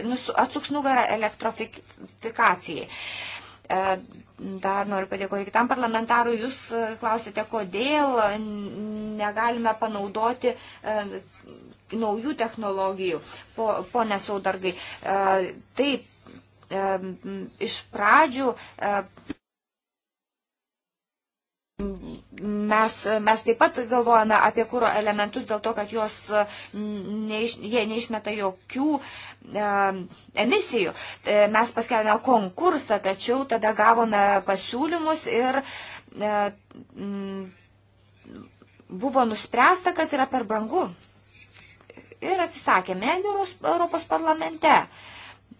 atsuks nugarą elektrifikacijai. Dar noriu padėkoti kitam parlamentarui. Jūs klausėte, kodėl negalime panaudoti naujų technologijų. Po, pone Saudargai, e, taip, e, iš pradžių e, mes, mes taip pat galvojame apie kūro elementus dėl to, kad jos neiš, jie neišmeta jokių e, emisijų. E, mes paskelbėme konkursą, tačiau tada gavome pasiūlymus ir e, m, buvo nuspręsta, kad yra per brangu ir atsisakė Megerus Europos parlamente.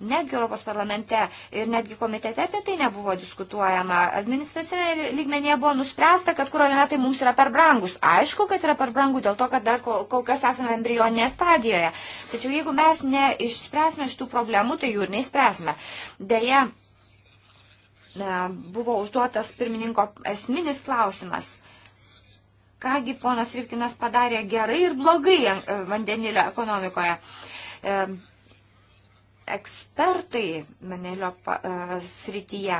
Netgi Europos parlamente ir netgi komitete apie tai nebuvo diskutuojama. Administracinė lygmenėje buvo nuspręsta, kad kuro vienetai mums yra per brangus. Aišku, kad yra per brangu dėl to, kad dar kol, kol kas esame embrioninėje stadijoje. Tačiau jeigu mes neišspręsime šitų problemų, tai jų ir neišspręsime. Deja, buvo užduotas pirmininko esminis klausimas kągi ponas Rivkinas padarė gerai ir blogai e, vandenilio ekonomikoje. E, ekspertai vandenilio e, srityje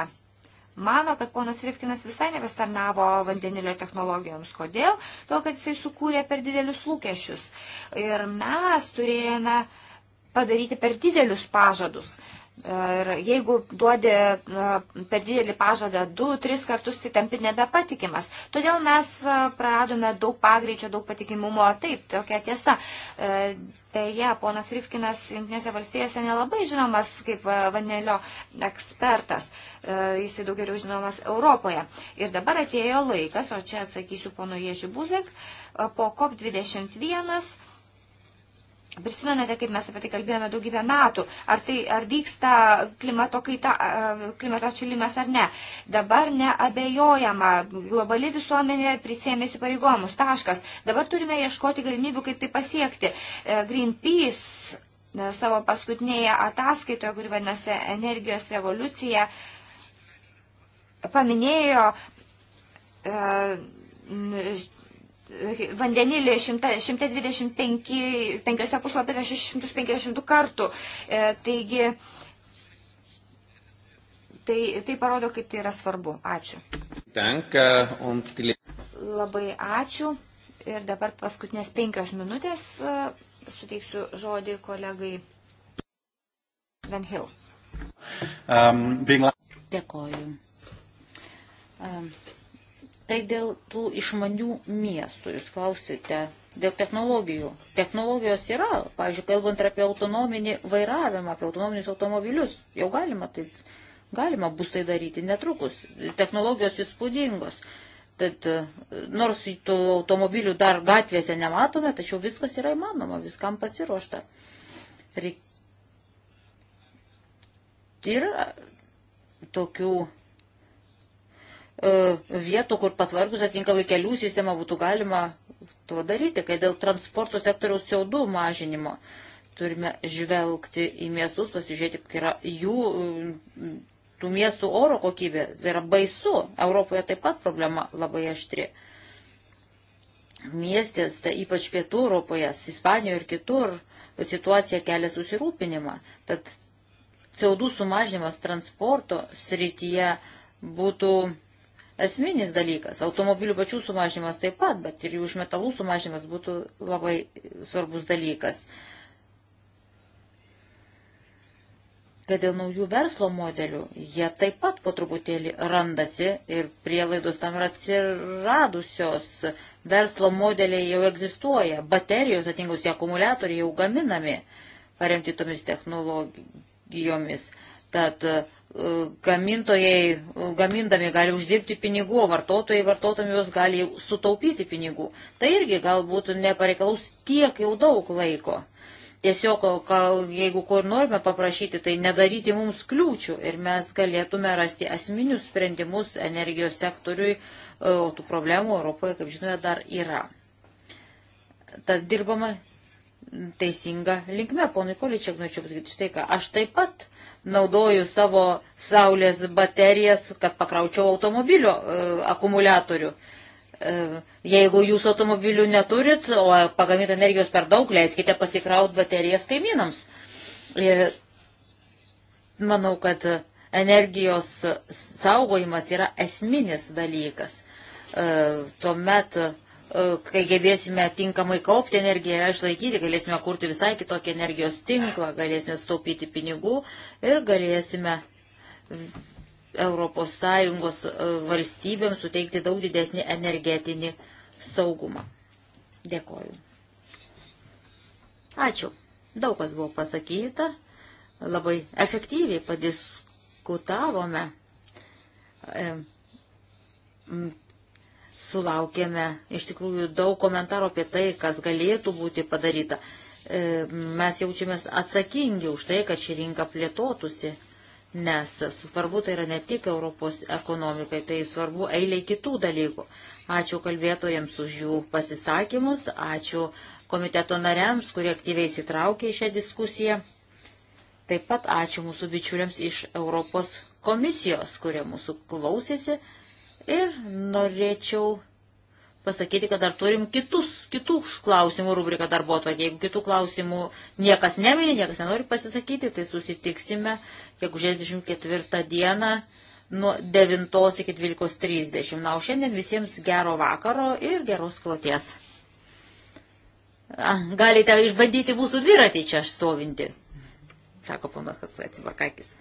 mano, kad ponas Rivkinas visai nevestarnavo vandenilio technologijoms. Kodėl? Todėl, kad jisai sukūrė per didelius lūkesčius. Ir mes turėjome padaryti per didelius pažadus. Ir jeigu duodi e, per didelį pažadą 2-3 kartus, tai tampi nebepatikimas. Todėl mes e, praradome daug pagreičio, daug patikimumo. Taip, tokia tiesa. Beje, e, ponas Rifkinas Junktinėse valstijose nelabai žinomas kaip vanelio ekspertas. Jisai daug geriau žinomas Europoje. Ir dabar atėjo laikas, o čia atsakysiu pono Ježibuzek, po COP21 Prisimenate, kaip mes apie tai kalbėjome daugybę metų, ar, tai, ar vyksta klimato kaita, klimato atšilimas ar ne. Dabar neabejojama, globali visuomenė prisėmėsi pareigomus, taškas. Dabar turime ieškoti galimybių, kaip tai pasiekti. E, Greenpeace e, savo paskutinėje ataskaitoje, kuri vadinasi energijos revoliucija, paminėjo e, vandenilį 125 puslapėse 652 kartų. E, taigi, tai, tai parodo, kaip tai yra svarbu. Ačiū. Labai ačiū. Ir dabar paskutinės penkios minutės e, suteiksiu žodį kolegai Van Hill. Um, being... Dėkoju. Um, Tai dėl tų išmanių miestų, jūs klausite, dėl technologijų. Technologijos yra, pavyzdžiui, kalbant apie autonominį vairavimą, apie autonominius automobilius, jau galima, tai, galima bus tai daryti netrukus. Technologijos įspūdingos. Tad nors tų automobilių dar gatvėse nematome, tačiau viskas yra įmanoma, viskam pasiruošta. Reik... Ir tokių E, vietų, kur patvarkus atinkamai kelių sistemą būtų galima to daryti, kai dėl transporto sektoriaus siaudų mažinimo turime žvelgti į miestus, pasižiūrėti, kokia yra jų, tų miestų oro kokybė. Tai yra baisu. Europoje taip pat problema labai aštri. Miestės, tai ypač pietų Europoje, Ispanijoje ir kitur, situacija kelia susirūpinimą. Tad CO2 sumažinimas transporto srityje būtų esminis dalykas. Automobilių pačių sumažinimas taip pat, bet ir jų išmetalų sumažinimas būtų labai svarbus dalykas. Kad dėl naujų verslo modelių jie taip pat po truputėlį randasi ir prielaidos tam yra atsiradusios. Verslo modeliai jau egzistuoja, baterijos atingusi akumuliatoriai jau gaminami paremti tomis technologijomis. Tad uh, gamintojai gamindami gali uždirbti pinigų, o vartotojai vartotami juos gali sutaupyti pinigų. Tai irgi galbūt nepareikalaus tiek jau daug laiko. Tiesiog, jeigu kur norime paprašyti, tai nedaryti mums kliūčių ir mes galėtume rasti asmenius sprendimus energijos sektoriui, e, o tų problemų Europoje, kaip žinome, dar yra. Tad dirbama teisinga linkme. Ponui Količiak norėčiau pasakyti štai ką. Aš taip pat naudoju savo saulės baterijas, kad pakraučiau automobilio e, akumuliatorių. E, jeigu jūs automobilių neturit, o pagaminta energijos per daug, leiskite pasikraut baterijas kaimynams. E, manau, kad energijos saugojimas yra esminis dalykas. E, tuomet e, E, kai gebėsime tinkamai kaupti energiją ir išlaikyti, galėsime kurti visai kitokį energijos tinklą, galėsime staupyti pinigų ir galėsime ES e, valstybėms suteikti daug didesnį energetinį saugumą. Dėkoju. Ačiū. Daug kas buvo pasakyta. Labai efektyviai padiskutavome. E, sulaukėme iš tikrųjų daug komentarų apie tai, kas galėtų būti padaryta. E, mes jaučiamės atsakingi už tai, kad ši rinka plėtotųsi, nes svarbu tai yra ne tik Europos ekonomikai, tai svarbu eiliai kitų dalykų. Ačiū kalbėtojams už jų pasisakymus, ačiū komiteto nariams, kurie aktyviai įsitraukė į šią diskusiją. Taip pat ačiū mūsų bičiuliams iš Europos komisijos, kurie mūsų klausėsi. Ir norėčiau pasakyti, kad dar turim kitus, kitų klausimų rubriką darbo atvarkė. Jeigu kitų klausimų niekas neminė, niekas nenori pasisakyti, tai susitiksime, jeigu 64 dieną nuo 9 iki 12.30. Na, o šiandien visiems gero vakaro ir geros kloties. Galite išbandyti mūsų dviratį čia aš stovinti, sako ponas Hatsatvarkakis.